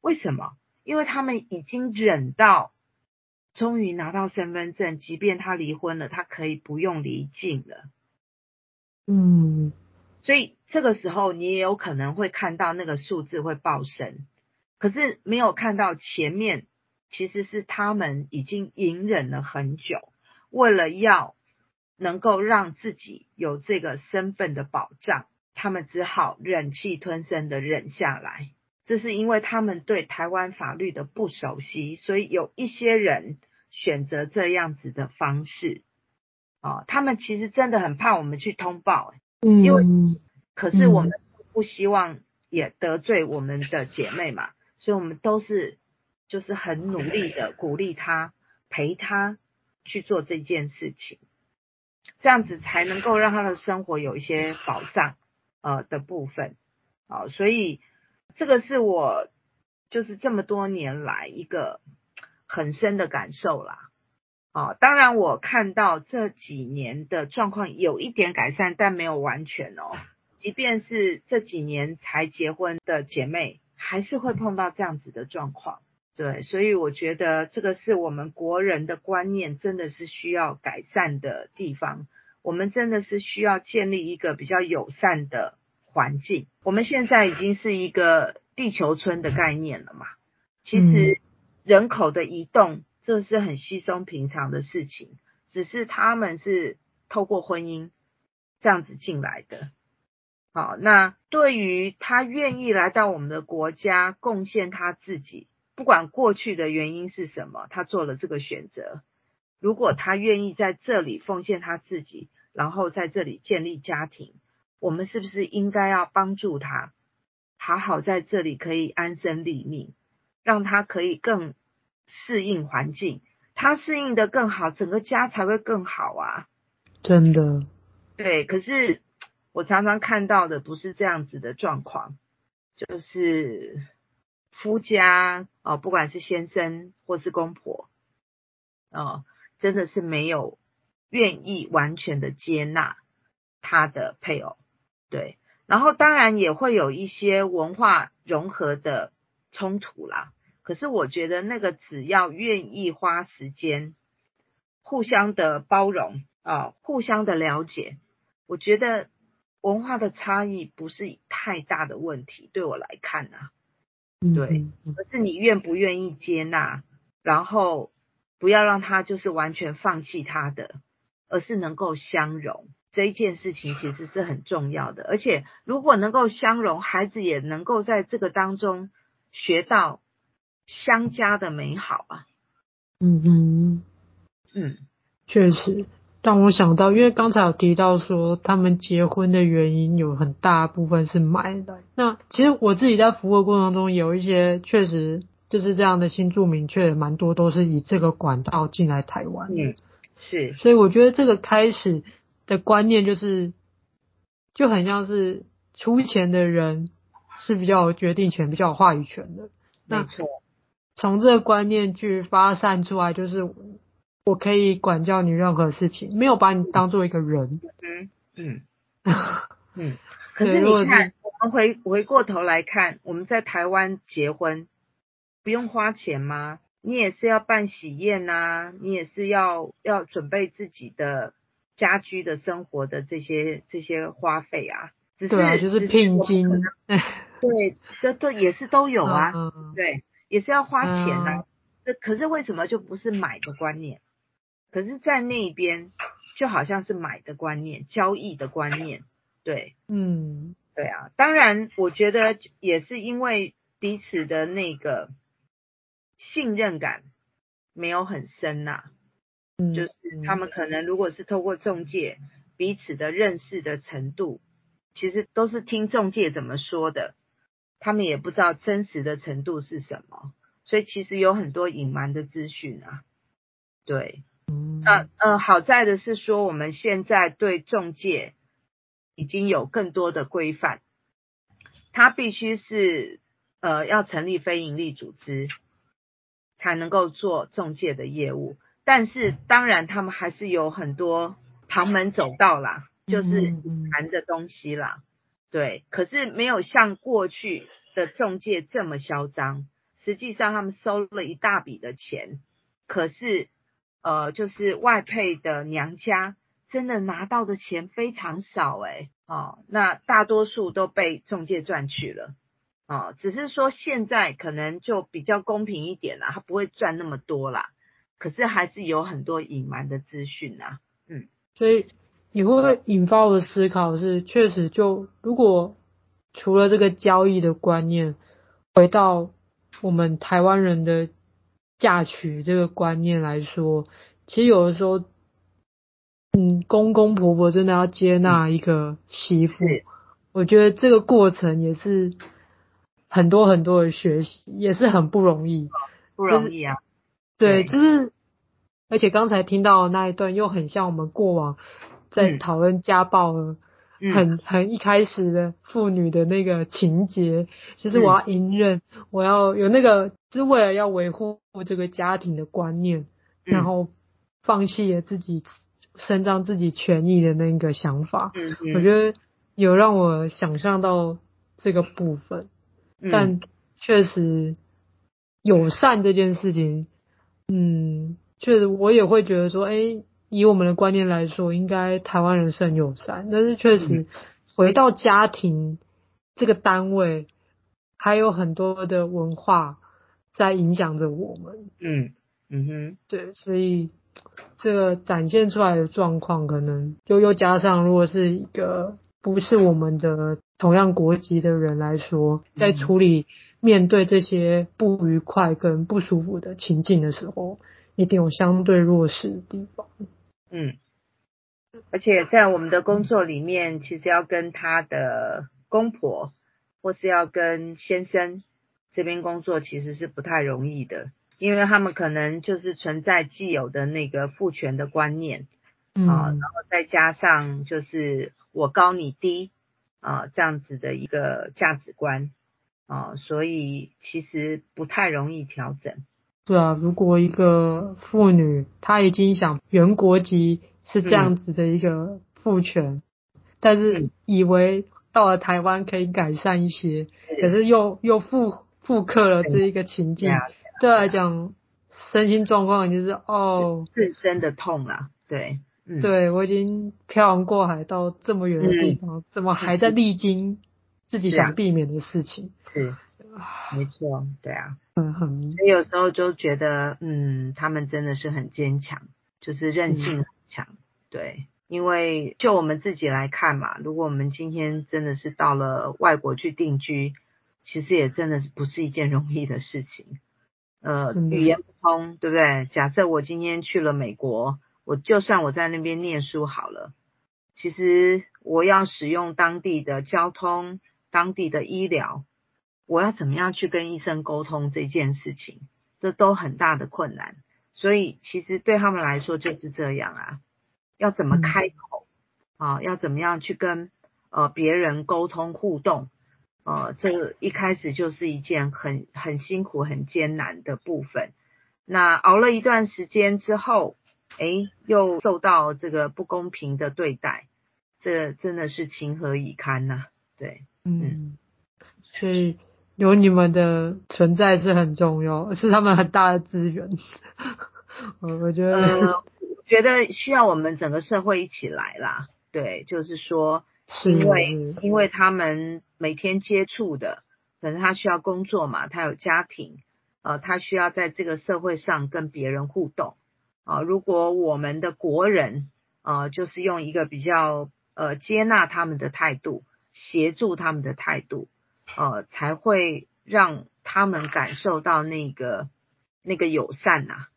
為什麼？因為他們已經忍到，終於拿到身份證，即便他離婚了，他可以不用離境了，嗯，所以這個時候你也有可能會看到那個數字會暴升。可是沒有看到前面，其實是他們已經隱忍了很久，為了要能夠讓自己有這個身份的保障，他們只好忍氣吞聲的忍下來。這是因為他們對台灣法律的不熟悉，所以有一些人選擇這樣子的方式。哦，他們其實真的很怕我們去通報，因為、嗯、可是我們不希望也得罪我們的姐妹嘛。所以，我們都是就是很努力的鼓勵他陪他去做這件事情，這樣子才能夠讓他的生活有一些保障，呃的部分，好、哦，所以這個是我就是這麼多年來一個很深的感受啦，啊、哦，當然我看到這幾年的狀況有一點改善，但沒有完全哦，即便是這幾年才結婚的姐妹，還是會碰到這樣子的狀況，對，所以我覺得這個是我們國人的觀念真的是需要改善的地方。我們真的是需要建立一個比較友善的環境。我們現在已經是一個地球村的概念了嘛，其實人口的移動，這是很稀鬆平常的事情，只是他們是透過婚姻這樣子進來的。好，那對於他願意來到我們的國家貢獻他自己，不管過去的原因是什麼，他做了這個選擇。如果他願意在這裡奉獻他自己，然後在這裡建立家庭，我們是不是應該要幫助他，好好在這裡可以安身立命，讓他可以更適應環境，他適應得更好，整個家才會更好啊！真的。對，可是。我常常看到的不是這樣子的狀況，就是夫家哦，不管是先生或是公婆，哦，真的是沒有願意完全的接納他的配偶，對。然後當然也會有一些文化融合的衝突啦。可是我覺得那個只要願意花時間，互相的包容啊，哦，互相的了解，我覺得。文化的差異不是太大的問題，對我來看吶、啊嗯，對，而是你願不願意接納，然後不要讓他就是完全放棄他的，而是能夠相融這一件事情其實是很重要的，而且如果能夠相融，孩子也能夠在這個當中學到相加的美好啊。嗯嗯，嗯，確實。讓我想到，因為剛才有提到說他們結婚的原因有很大部分是買的。那其實我自己在服務的過程中有一些確實就是這樣的新住民，確實蠻多都是以這個管道進來台灣。嗯，是。所以我覺得這個開始的觀念就是，就很像是出錢的人是比較有決定權，比較有話語權的。那沒錯。從這個觀念去發散出來，就是。我可以管教你任何事情，沒有把你當做一個人。嗯嗯 [LAUGHS] 嗯。可是你看，我們回回過頭來看，我們在台灣結婚不用花錢嗎？你也是要辦喜宴吶、啊，你也是要要準備自己的家居的生活的這些這些花費啊，是。對啊，就是聘金。 [LAUGHS] 對，這都也是都有啊、嗯。對，也是要花錢啊。這、嗯、可是為什麼就不是買的觀念？可是，在那邊就好像是買的觀念、交易的觀念，對，嗯，對啊。當然，我覺得也是因為彼此的那個信任感沒有很深吶、啊。嗯。就是他們可能如果是透過中介，彼此的認識的程度，其實都是聽中介怎麼說的，他們也不知道真實的程度是什麼，所以其實有很多隱瞞的資訊啊。對。呃，呃好在的是說，我們現在對仲介已經有更多的規範，他必須是呃要成立非營利組織才能夠做仲介的業務。但是當然，他們還是有很多旁門左道啦，就是含着東西啦。對，可是沒有像過去的仲介這麼囂張。實際上，他們收了一大筆的錢，可是。呃，就是外配的娘家真的拿到的錢非常少哎、欸，哦，那大多數都被中介賺去了，哦，只是說現在可能就比較公平一點啦，他不會賺那麼多啦。可是還是有很多隱瞞的資訊吶，嗯，所以你會不會引發我的思考是，確實就如果除了這個交易的觀念，回到我們台灣人的。嫁娶這個觀念來說，其實有的時候，嗯，公公婆婆真的要接納一個媳婦，嗯，我覺得這個過程也是很多很多的學習，也是很不容易，不容易啊。對，對，就是而且剛才聽到的那一段，又很像我們過往在討論家暴，嗯、很很一開始的婦女的那個情節，其、嗯、實、就是、我要隱忍，我要有那個。是為了要維護這個家庭的觀念，然後放棄了自己伸張自己權益的那個想法。嗯嗯，我覺得有讓我想象到這個部分，嗯，但確實友善這件事情，嗯，確實我也會覺得說，誒，以我們的觀念來說，應該台灣人是很友善，但是確實回到家庭這個單位，還有很多的文化。在影響着我們。嗯嗯哼，對，所以這個展現出來的狀況，可能就又加上，如果是一個不是我們的同樣國籍的人來說，在處理面對這些不愉快跟不舒服的情境的時候，一定有相對弱勢的地方。嗯，而且在我們的工作裡面，其實要跟他的公婆，或是要跟先生。這邊工作其實是不太容易的，因為他們可能就是存在既有的那個父權的觀念，啊、嗯，然後再加上就是我高你低，啊、呃、這樣子的一個價值觀，啊、呃，所以其實不太容易調整。對啊，如果一個婦女她已經想原國籍是這樣子的一個父權，嗯、但是以為到了台灣可以改善一些，嗯、可是又又復。復刻了這一個情境，對、啊對、啊對啊、來講對、啊對啊對啊對啊，身心狀況就是哦，自身的痛了、啊。對，對、嗯、我已經漂洋過海到這麼遠的地方、嗯，怎麼還在歷經自己想避免的事情？是、啊是，沒錯，對啊，嗯哼。我有時候就覺得，嗯，他們真的是很堅強，就是韌性很強、嗯。對，因為就我們自己來看嘛，如果我們今天真的是到了外國去定居。其實也真的是不是一件容易的事情，呃，語言不通，對不對？假設我今天去了美國，我就算我在那邊念書好了，其實我要使用當地的交通、當地的醫療，我要怎麼樣去跟醫生溝通這件事情，這都很大的困難。所以其實對他們來說就是這樣啊，要怎麼開口、嗯、啊？要怎麼樣去跟呃別人溝通互動？哦、呃，這個一開始就是一件很很辛苦、很艱難的部分。那熬了一段時間之後，誒，又受到這個不公平的對待，這個、真的是情何以堪呢、啊？對。嗯，嗯，所以有你們的存在是很重要，是他們很大的資源。 [LAUGHS] 我覺得，呃、我覺得需要我們整個社會一起來啦。對，就是說，是因為是因為他們。每天接觸的，可能他需要工作嘛，他有家庭，呃，他需要在這個社會上跟別人互動，啊、呃，如果我們的國人，啊、呃，就是用一個比較呃接納他們的態度，協助他們的態度，呃，才會讓他們感受到那個那個友善吶、啊，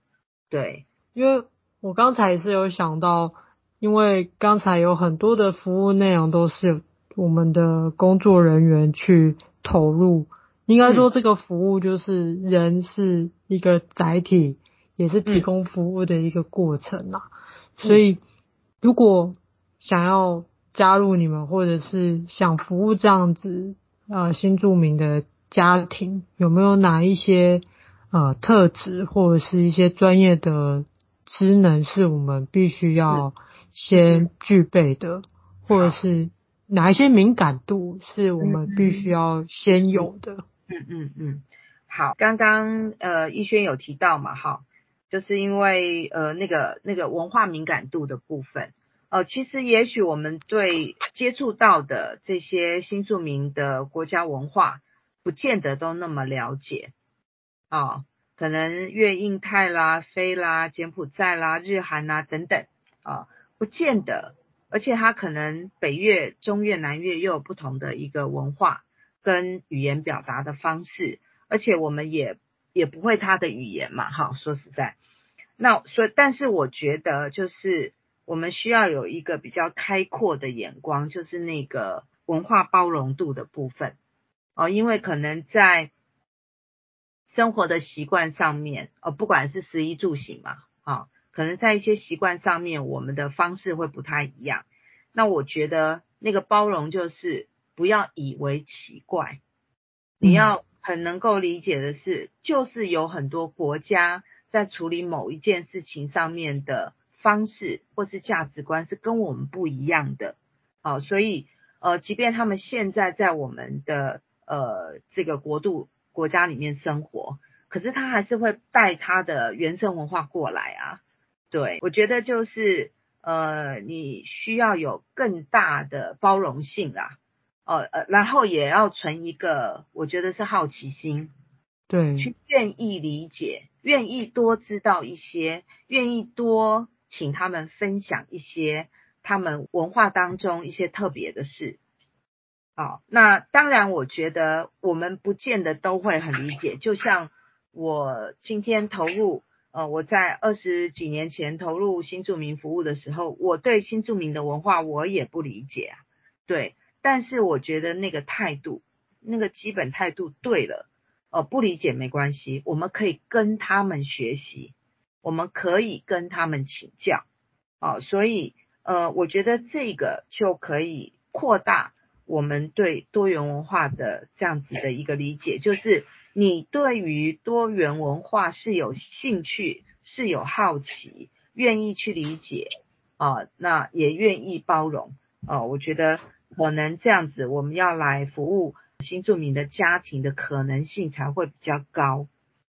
對，因為我剛才也是有想到，因為剛才有很多的服務內容都是，我們的工作人員去投入，應該說這個服務就是人是一個載體，也是提供服務的一個過程吶、啊。所以，如果想要加入你們，或者是想服務這樣子、呃、新住民的家庭，有沒有哪一些呃特質或者是一些專業的職能是我們必須要先具備的，或者是？哪一些敏感度是我們必須要先有的？嗯嗯嗯，好，剛剛呃逸軒有提到嘛，哈，就是因為呃那個那個文化敏感度的部分，呃，其實也許我們對接觸到的這些新住民的國家文化，不見得都那麼了解，啊、呃，可能越印太啦、菲啦、柬埔寨啦、日韓啦等等，啊、呃，不見得。而且他可能北越、中越、南越又有不同的一個文化跟語言表達的方式，而且我們也也不會他的語言嘛，好，說實在。那所以，但是我覺得就是我們需要有一個比較開闊的眼光，就是那個文化包容度的部分哦，因為可能在生活的習慣上面哦，不管是食衣住行嘛，好、哦。可能在一些習慣上面，我們的方式會不太一樣。那我覺得那個包容就是不要以為奇怪，你要很能夠理解的是，就是有很多國家在處理某一件事情上面的方式或是價值觀是跟我們不一樣的。好、啊，所以呃，即便他們現在在我們的呃這個國度國家裡面生活，可是他還是會帶他的原生文化過來啊。對，我覺得就是，呃，你需要有更大的包容性啦，哦呃，然後也要存一個，我覺得是好奇心，對，去願意理解，願意多知道一些，願意多請他們分享一些他們文化當中一些特別的事，哦，那當然，我覺得我們不見得都會很理解，就像我今天投入。呃，我在二十幾年前投入新住民服務的時候，我對新住民的文化我也不理解啊，對，但是我覺得那個態度，那個基本態度對了，哦，呃，不理解沒關係，我們可以跟他們學習，我們可以跟他們請教，啊，呃，所以呃，我覺得這個就可以擴大我們對多元文化的這樣子的一個理解，就是。你對於多元文化是有興趣，是有好奇，願意去理解啊、呃，那也願意包容啊、呃。我覺得可能這樣子，我們要來服務新住民的家庭的可能性才會比較高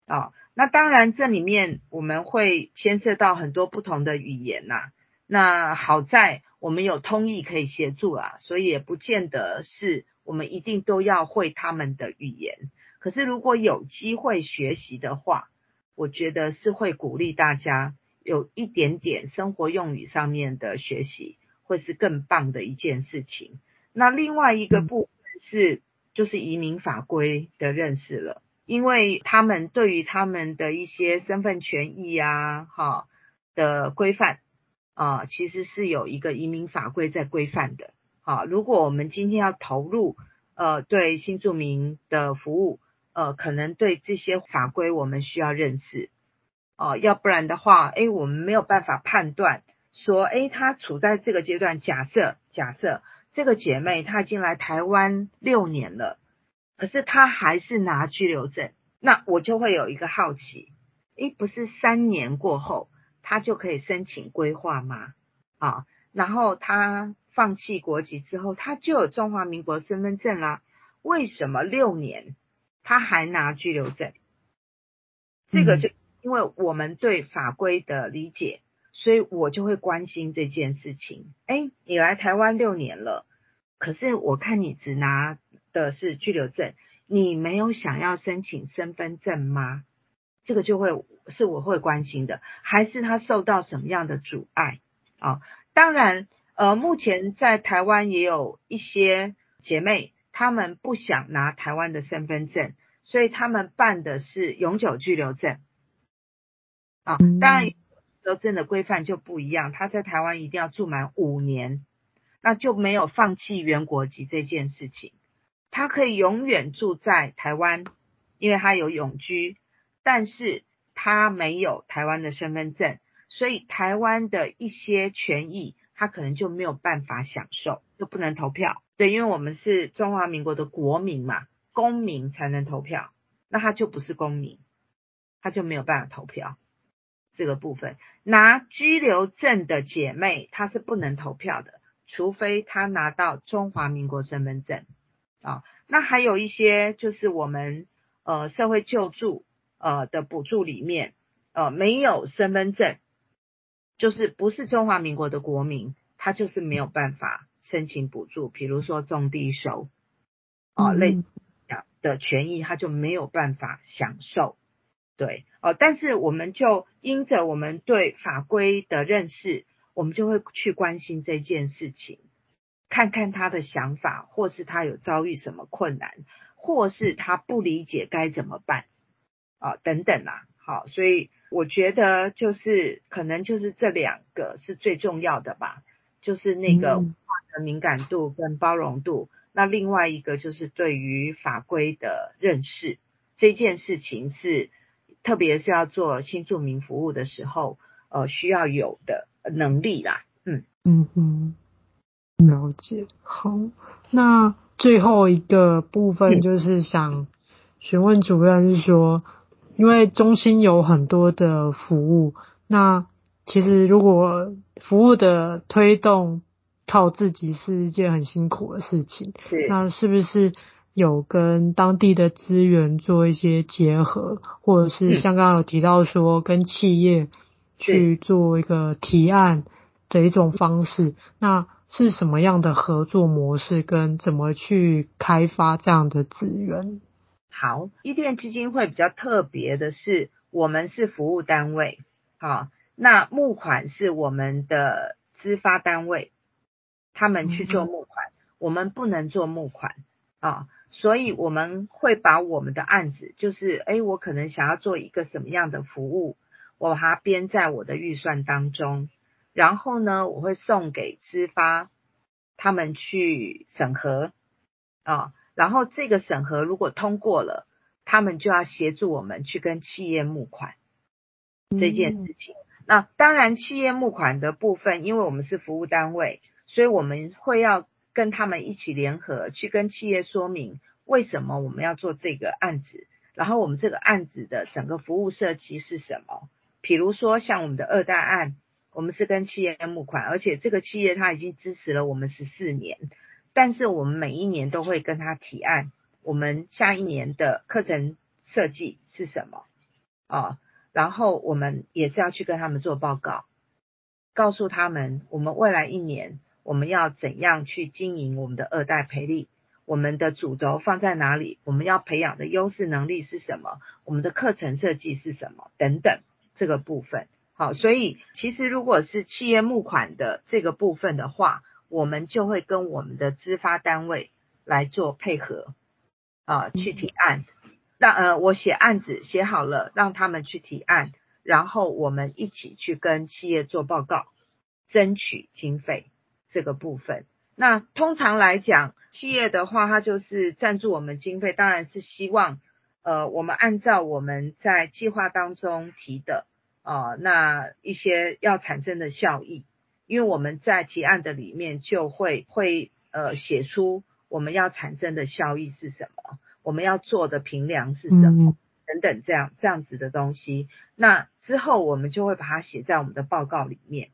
啊、呃。那當然，這裡面我們會牽涉到很多不同的語言吶、啊。那好在我們有通譯可以協助啊，所以也不見得是我們一定都要會他們的語言。可是，如果有機會學習的話，我覺得是會鼓勵大家有一點點生活用語上面的學習，會是更棒的一件事情。那另外一個部分是，嗯、就是移民法規的認識了，因為他們對於他們的一些身份權益呀、啊，哈、哦、的規範啊、呃，其實是有一個移民法規在規範的。好、哦，如果我們今天要投入呃對新住民的服務，呃，可能對這些法規我們需要認識哦，要不然的話，誒，我們沒有辦法判斷說，誒，她處在這個階段。假設假設這個姐妹她已經來台灣六年了，可是她還是拿居留證，那我就會有一個好奇，誒，不是三年過後她就可以申請歸化嗎？啊、哦，然後她放棄國籍之後，她就有中華民國身份證啦，為什麼六年？他還拿居留證，這個就因為我們對法規的理解，所以我就會關心這件事情。誒，你來台灣六年了，可是我看你只拿的是居留證，你沒有想要申請身份證嗎？這個就會是我會關心的，還是他受到什麼樣的阻礙啊？哦，當然，呃，目前在台灣也有一些姐妹，她們不想拿台灣的身份證。所以他們辦的是永久居留證，啊，當然，居留證的規範就不一樣。他在台灣一定要住滿五年，那就沒有放棄原國籍這件事情。他可以永遠住在台灣，因為他有永居，但是他沒有台灣的身份證，所以台灣的一些權益他可能就沒有辦法享受，就不能投票。對，因為我們是中華民國的國民嘛。公民才能投票，那他就不是公民，他就沒有辦法投票。這個部分，拿居留證的姐妹，她是不能投票的，除非她拿到中華民國身份證啊、哦。那還有一些就是我們呃社會救助呃的補助裡面，呃沒有身份證，就是不是中華民國的國民，他就是沒有辦法申請補助。比如說中低收啊、類。哦嗯的權益他就沒有辦法享受，對哦，但是我們就因着我們對法規的認識，我們就會去關心這件事情，看看他的想法，或是他有遭遇什麼困難，或是他不理解該怎麼辦，啊，哦，等等啊，好，所以我覺得就是可能就是這兩個是最重要的吧，就是那個文化的敏感度跟包容度。那另外一個就是對於法規的認識這件事情是，特別是要做新住民服務的時候，呃，需要有的能力啦。嗯嗯嗯，了解。好，那最後一個部分就是想詢問主任是說，因為中心有很多的服務，那其實如果服務的推動。靠自己是一件很辛苦的事情。那是不是有跟當地的資源做一些結合，或者是像剛剛有提到說跟企業去做一個提案的一種方式？是那是什麼樣的合作模式？跟怎麼去開發這樣的資源？好，伊甸基金會比較特別的是，我們是服務單位，好，那募款是我們的資發單位。他們去做募款，嗯，我們不能做募款啊，所以我們會把我們的案子，就是誒、欸，我可能想要做一個什麼樣的服務，我把它編在我的預算當中，然後呢，我會送給資發，他們去審核啊，然後這個審核如果通過了，他們就要協助我們去跟企業募款這件事情。嗯、那當然，企業募款的部分，因為我們是服務單位。所以我們會要跟他們一起聯合去跟企業說明，為什麼我們要做這個案子，然後我們這個案子的整個服務設計是什麼？比如說像我們的二代案，我們是跟企業募款，而且這個企業他已經支持了我們十四年，但是我們每一年都會跟他提案，我們下一年的課程設計是什麼？哦，然後我們也是要去跟他們做報告，告訴他們我們未來一年，我們要怎樣去經營我們的二代培力？我們的主軸放在哪裡？我們要培養的優勢能力是什麼？我們的課程設計是什麼？等等，這個部分。好，所以，其實如果是企業募款的這個部分的話，我們就會跟我們的資發單位來做配合啊，去提案。那呃，我寫案子寫好了，讓他們去提案，然後我們一起去跟企業做報告，爭取經費。這個部分，那通常來講，企業的話，它就是贊助我們經費，當然是希望，呃，我們按照我們在計劃當中提的，啊、呃，那一些要產生的效益，因為我們在提案的裡面就會會，呃，寫出我們要產生的效益是什麼，我們要做的評量是什麼、嗯、等等，這樣這樣子的東西，那之後我們就會把它寫在我們的報告裡面，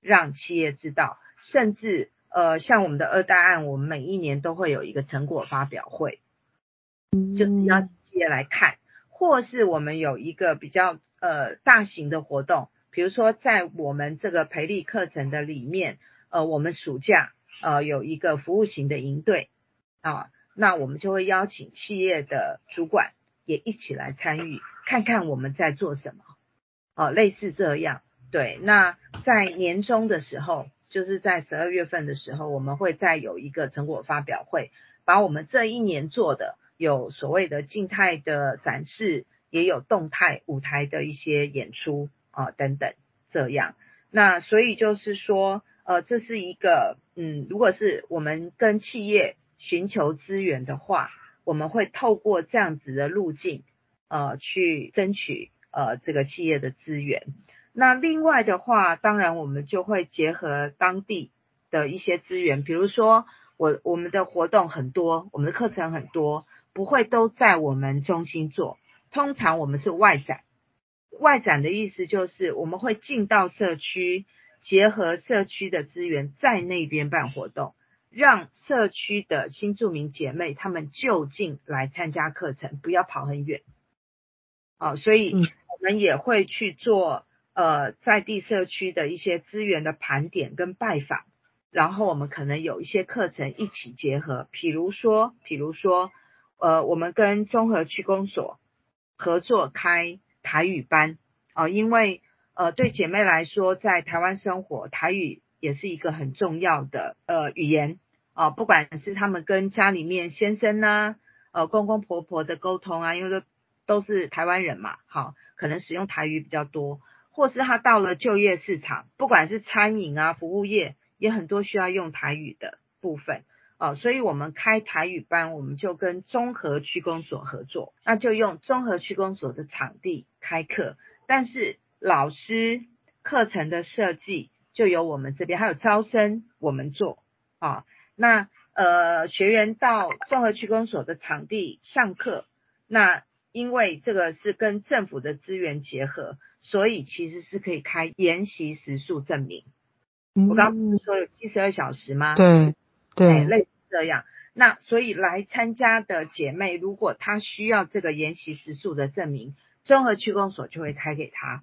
讓企業知道。甚至呃，像我們的二代案，我們每一年都會有一個成果發表會，嗯，就是邀請企業來看，或是我們有一個比較呃大型的活動，比如說在我們這個培力課程的裡面，呃，我們暑假呃有一個服務型的營隊啊，那我們就會邀請企業的主管也一起來參與，看看我們在做什麼，哦、啊，類似這樣，對，那在年終的時候。就是在十二月份的時候，我們會再有一個成果發表會，把我們這一年做的有所謂的靜態的展示，也有動態舞台的一些演出啊、呃、等等這樣。那所以就是說，呃，這是一個，嗯，如果是我們跟企業尋求資源的話，我們會透過這樣子的路徑，呃，去爭取，呃，這個企業的資源。那另外的話，當然我們就會結合當地的一些資源，比如說我我們的活動很多，我們的課程很多，不會都在我們中心做。通常我們是外展，外展的意思就是我們會進到社區，結合社區的資源，在那邊辦活動，讓社區的新住民姐妹她們就近來參加課程，不要跑很遠。好，哦，所以我們也會去做。呃，在地社區的一些資源的盤點跟拜訪，然後我們可能有一些課程一起結合，比如說，比如說，呃，我們跟中和區公所合作開台語班，啊、呃，因為呃對姐妹來說，在台灣生活，台語也是一個很重要的呃語言，啊、呃，不管是他們跟家裡面先生呢、啊，呃公公婆婆的溝通啊，因為都都是台灣人嘛，好、哦，可能使用台語比較多。或是他到了就業市場，不管是餐飲啊、服務業，也很多需要用台語的部分，哦，所以我們開台語班，我們就跟中和區公所合作，那就用中和區公所的場地開課，但是老師課程的設計就由我們這邊還有招生我們做啊、哦，那呃學員到中和區公所的場地上課，那因為這個是跟政府的資源結合。所以其實是可以開研習時數證明。我剛剛不是說有七十二小時嗎？嗯、對對、哎，類似這樣。那所以來參加的姐妹，如果她需要這個研習時數的證明，綜合區公所就會開給她。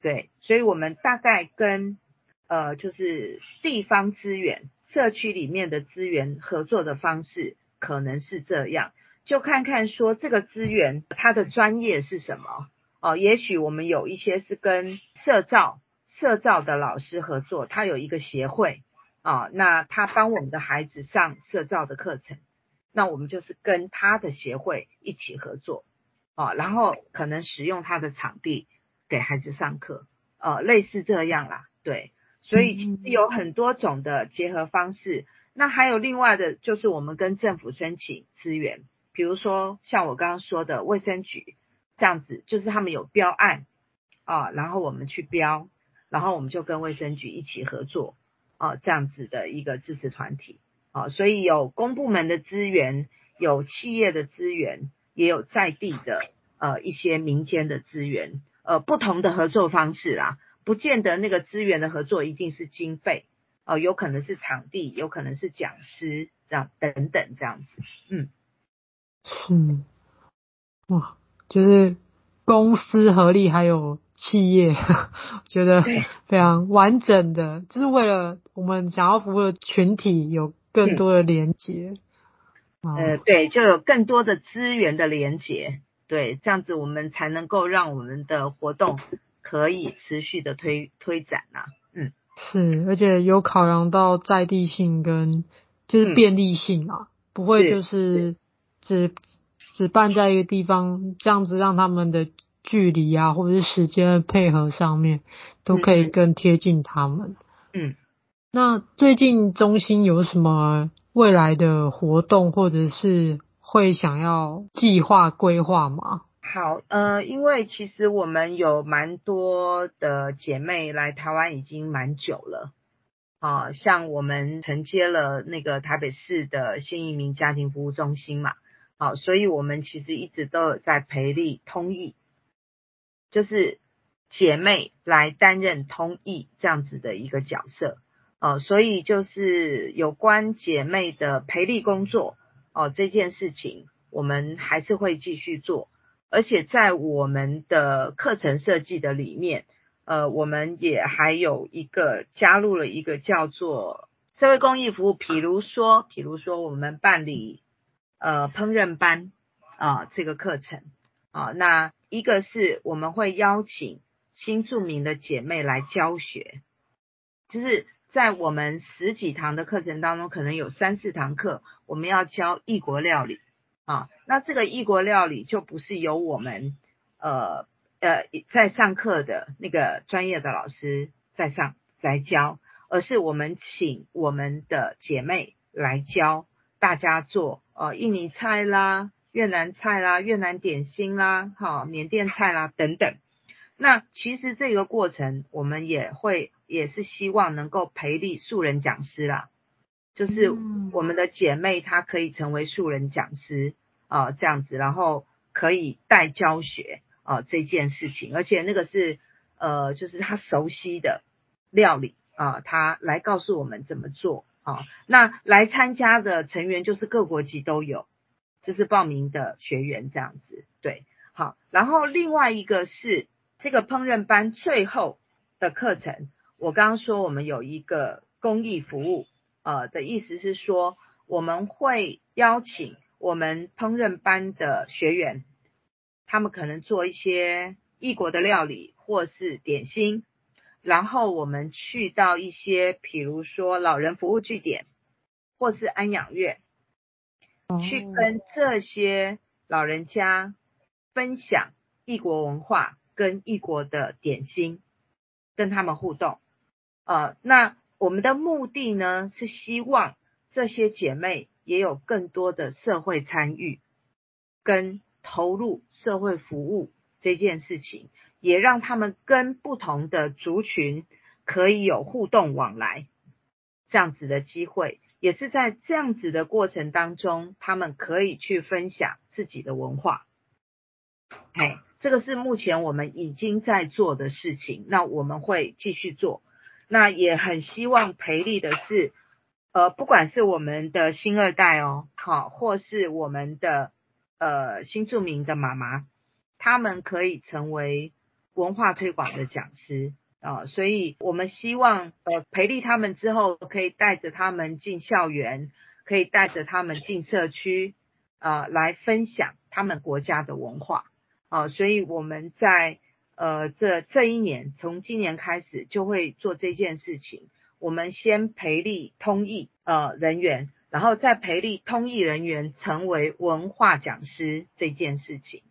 對，所以我們大概跟呃，就是地方資源、社區裡面的資源合作的方式，可能是這樣。就看看說這個資源它的專業是什麼。哦，也許我們有一些是跟社造社造的老師合作，他有一個協會啊，那他幫我們的孩子上社造的課程，那我們就是跟他的協會一起合作啊，然後可能使用他的場地給孩子上課，呃，類似這樣啦，對，所以其實有很多種的結合方式。那還有另外的就是我們跟政府申請資源，比如說像我剛剛說的衛生局。這樣子就是他們有標案啊，然後我們去標，然後我們就跟衛生局一起合作啊，這樣子的一個支持團體啊，所以有公部門的資源，有企業的資源，也有在地的呃一些民間的資源，呃不同的合作方式啦，不見得那個資源的合作一定是經費哦，啊，有可能是場地，有可能是講師這樣等等這樣子，嗯，嗯，哇。就是公司合力，還有企業 [LAUGHS] 覺得非常完整的，就是為了我們想要服務的群體有更多的連接，嗯啊。呃，對，就有更多的資源的連接，對，這樣子我們才能夠讓我們的活動可以持續的推推展吶，啊。嗯，是，而且有考量到在地性跟就是便利性嘛，啊嗯，不會就是，是，是只。只辦在一個地方，這樣子讓他們的距離啊，或者是時間的配合上面，都可以更貼近他們。嗯，嗯，那最近中心有什麼未來的活動，或者是會想要計劃規劃嗎？好，呃，因為其實我們有蠻多的姐妹來台灣已經蠻久了，啊、哦，像我們承接了那個台北市的新移民家庭服務中心嘛。好、哦，所以我們其實一直都有在培力通譯，就是姐妹來擔任通譯這樣子的一個角色，哦，所以就是有關姐妹的培力工作，哦，這件事情我們還是會繼續做，而且在我們的課程設計的裡面，呃，我們也還有一個加入了一個叫做社會公益服務，比如說，比如說我們辦理。呃，烹飪班啊，這個課程啊，那一個是我們會邀請新住民的姐妹來教學，就是在我們十幾堂的課程當中，可能有三四堂課，我們要教異國料理啊。那這個異國料理就不是由我們呃呃在上課的那個專業的老師在上來教，而是我們請我們的姐妹來教大家做。哦，印尼菜啦，越南菜啦，越南點心啦，哈、哦，緬甸菜啦等等。那其實這個過程，我們也會也是希望能夠培力素人講師啦，就是我們的姐妹她可以成為素人講師啊、呃，這樣子，然後可以帶教學啊、呃、這件事情，而且那個是呃，就是她熟悉的料理啊、呃，她來告訴我們怎麼做。好，那來參加的成員就是各國籍都有，就是報名的學員這樣子，對，好。然後另外一個是這個烹飪班最後的課程，我剛剛說我們有一個公益服務，呃，的意思是說我們會邀請我們烹飪班的學員，他們可能做一些異國的料理或是點心。然後我們去到一些，比如說老人服務據點，或是安養院，去跟這些老人家分享異國文化跟異國的點心，跟他們互動。呃，那我們的目的呢，是希望這些姐妹也有更多的社會參與，跟投入社會服務這件事情。也讓他們跟不同的族群可以有互動往來，這樣子的機會，也是在這樣子的過程當中，他們可以去分享自己的文化。哎，這個是目前我們已經在做的事情，那我們會繼續做。那也很希望培力的是，呃，不管是我們的新二代哦，好、哦，或是我們的呃新住民的媽媽，他們可以成為。文化推廣的講師啊、呃，所以我們希望呃培力他們之後可們，可以帶着他們進校園，可以帶着他們進社區，啊，來分享他們國家的文化啊、呃。所以我們在呃這這一年，從今年開始就會做這件事情。我們先培力通譯呃人員，然後再培力通譯人員成為文化講師這件事情。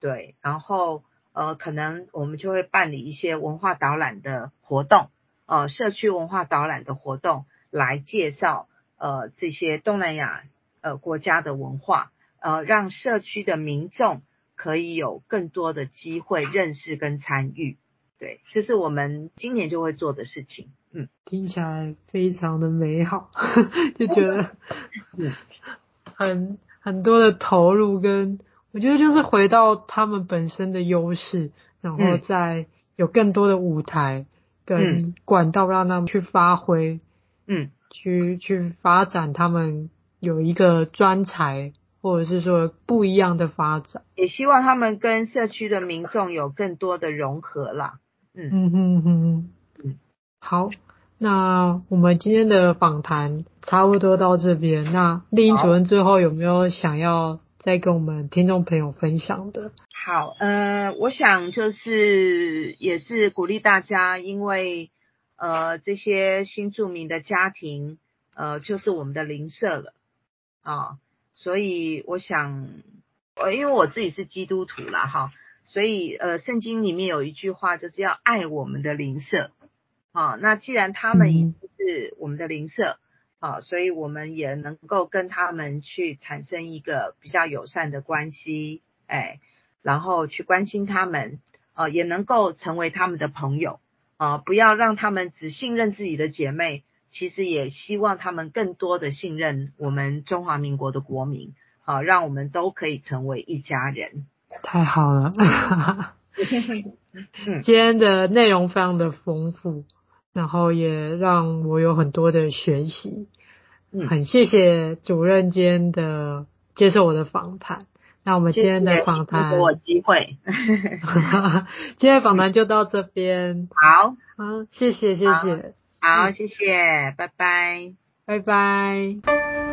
對，然後。呃，可能我們就會辦理一些文化導覽的活動，呃，社區文化導覽的活動來介紹呃這些東南亞呃國家的文化，呃，讓社區的民眾可以有更多的機會認識跟參與。對，這是我們今年就會做的事情。嗯，聽起來非常的美好， [LAUGHS] 就覺得很、嗯、很多的投入跟。我覺得就是回到他們本身的優勢，然後再有更多的舞台、嗯、跟管道讓他們去發揮，嗯，去去發展他們有一個專才，或者是說不一樣的發展。也希望他們跟社區的民眾有更多的融合啦，嗯嗯嗯嗯嗯。好，那我們今天的訪談差不多到這邊。那莉英主任最後有沒有想要？在跟我們聽眾朋友分享的。好，呃，我想就是也是鼓勵大家，因為呃這些新住民的家庭，呃就是我們的鄰舍了啊、哦，所以我想，呃因為我自己是基督徒啦哈、哦，所以呃聖經裡面有一句話就是要愛我們的鄰舍啊，那既然他們也是我們的鄰舍。嗯好，啊，所以我們也能夠跟他們去產生一個比較友善的關係，哎，然後去關心他們，啊，也能夠成為他們的朋友，啊，不要讓他們只信任自己的姐妹，其實也希望他們更多的信任我們中華民國的國民，好，啊，讓我們都可以成為一家人。太好了，今天，今天的內容非常的豐富。然後也讓我有很多的學習，很謝謝主任間的接受我的訪談。那我們今天的訪談給我機會，今天 [LAUGHS] 訪談就到這邊。好，嗯、啊，謝謝謝謝，好、好，嗯，謝謝，拜拜，拜拜。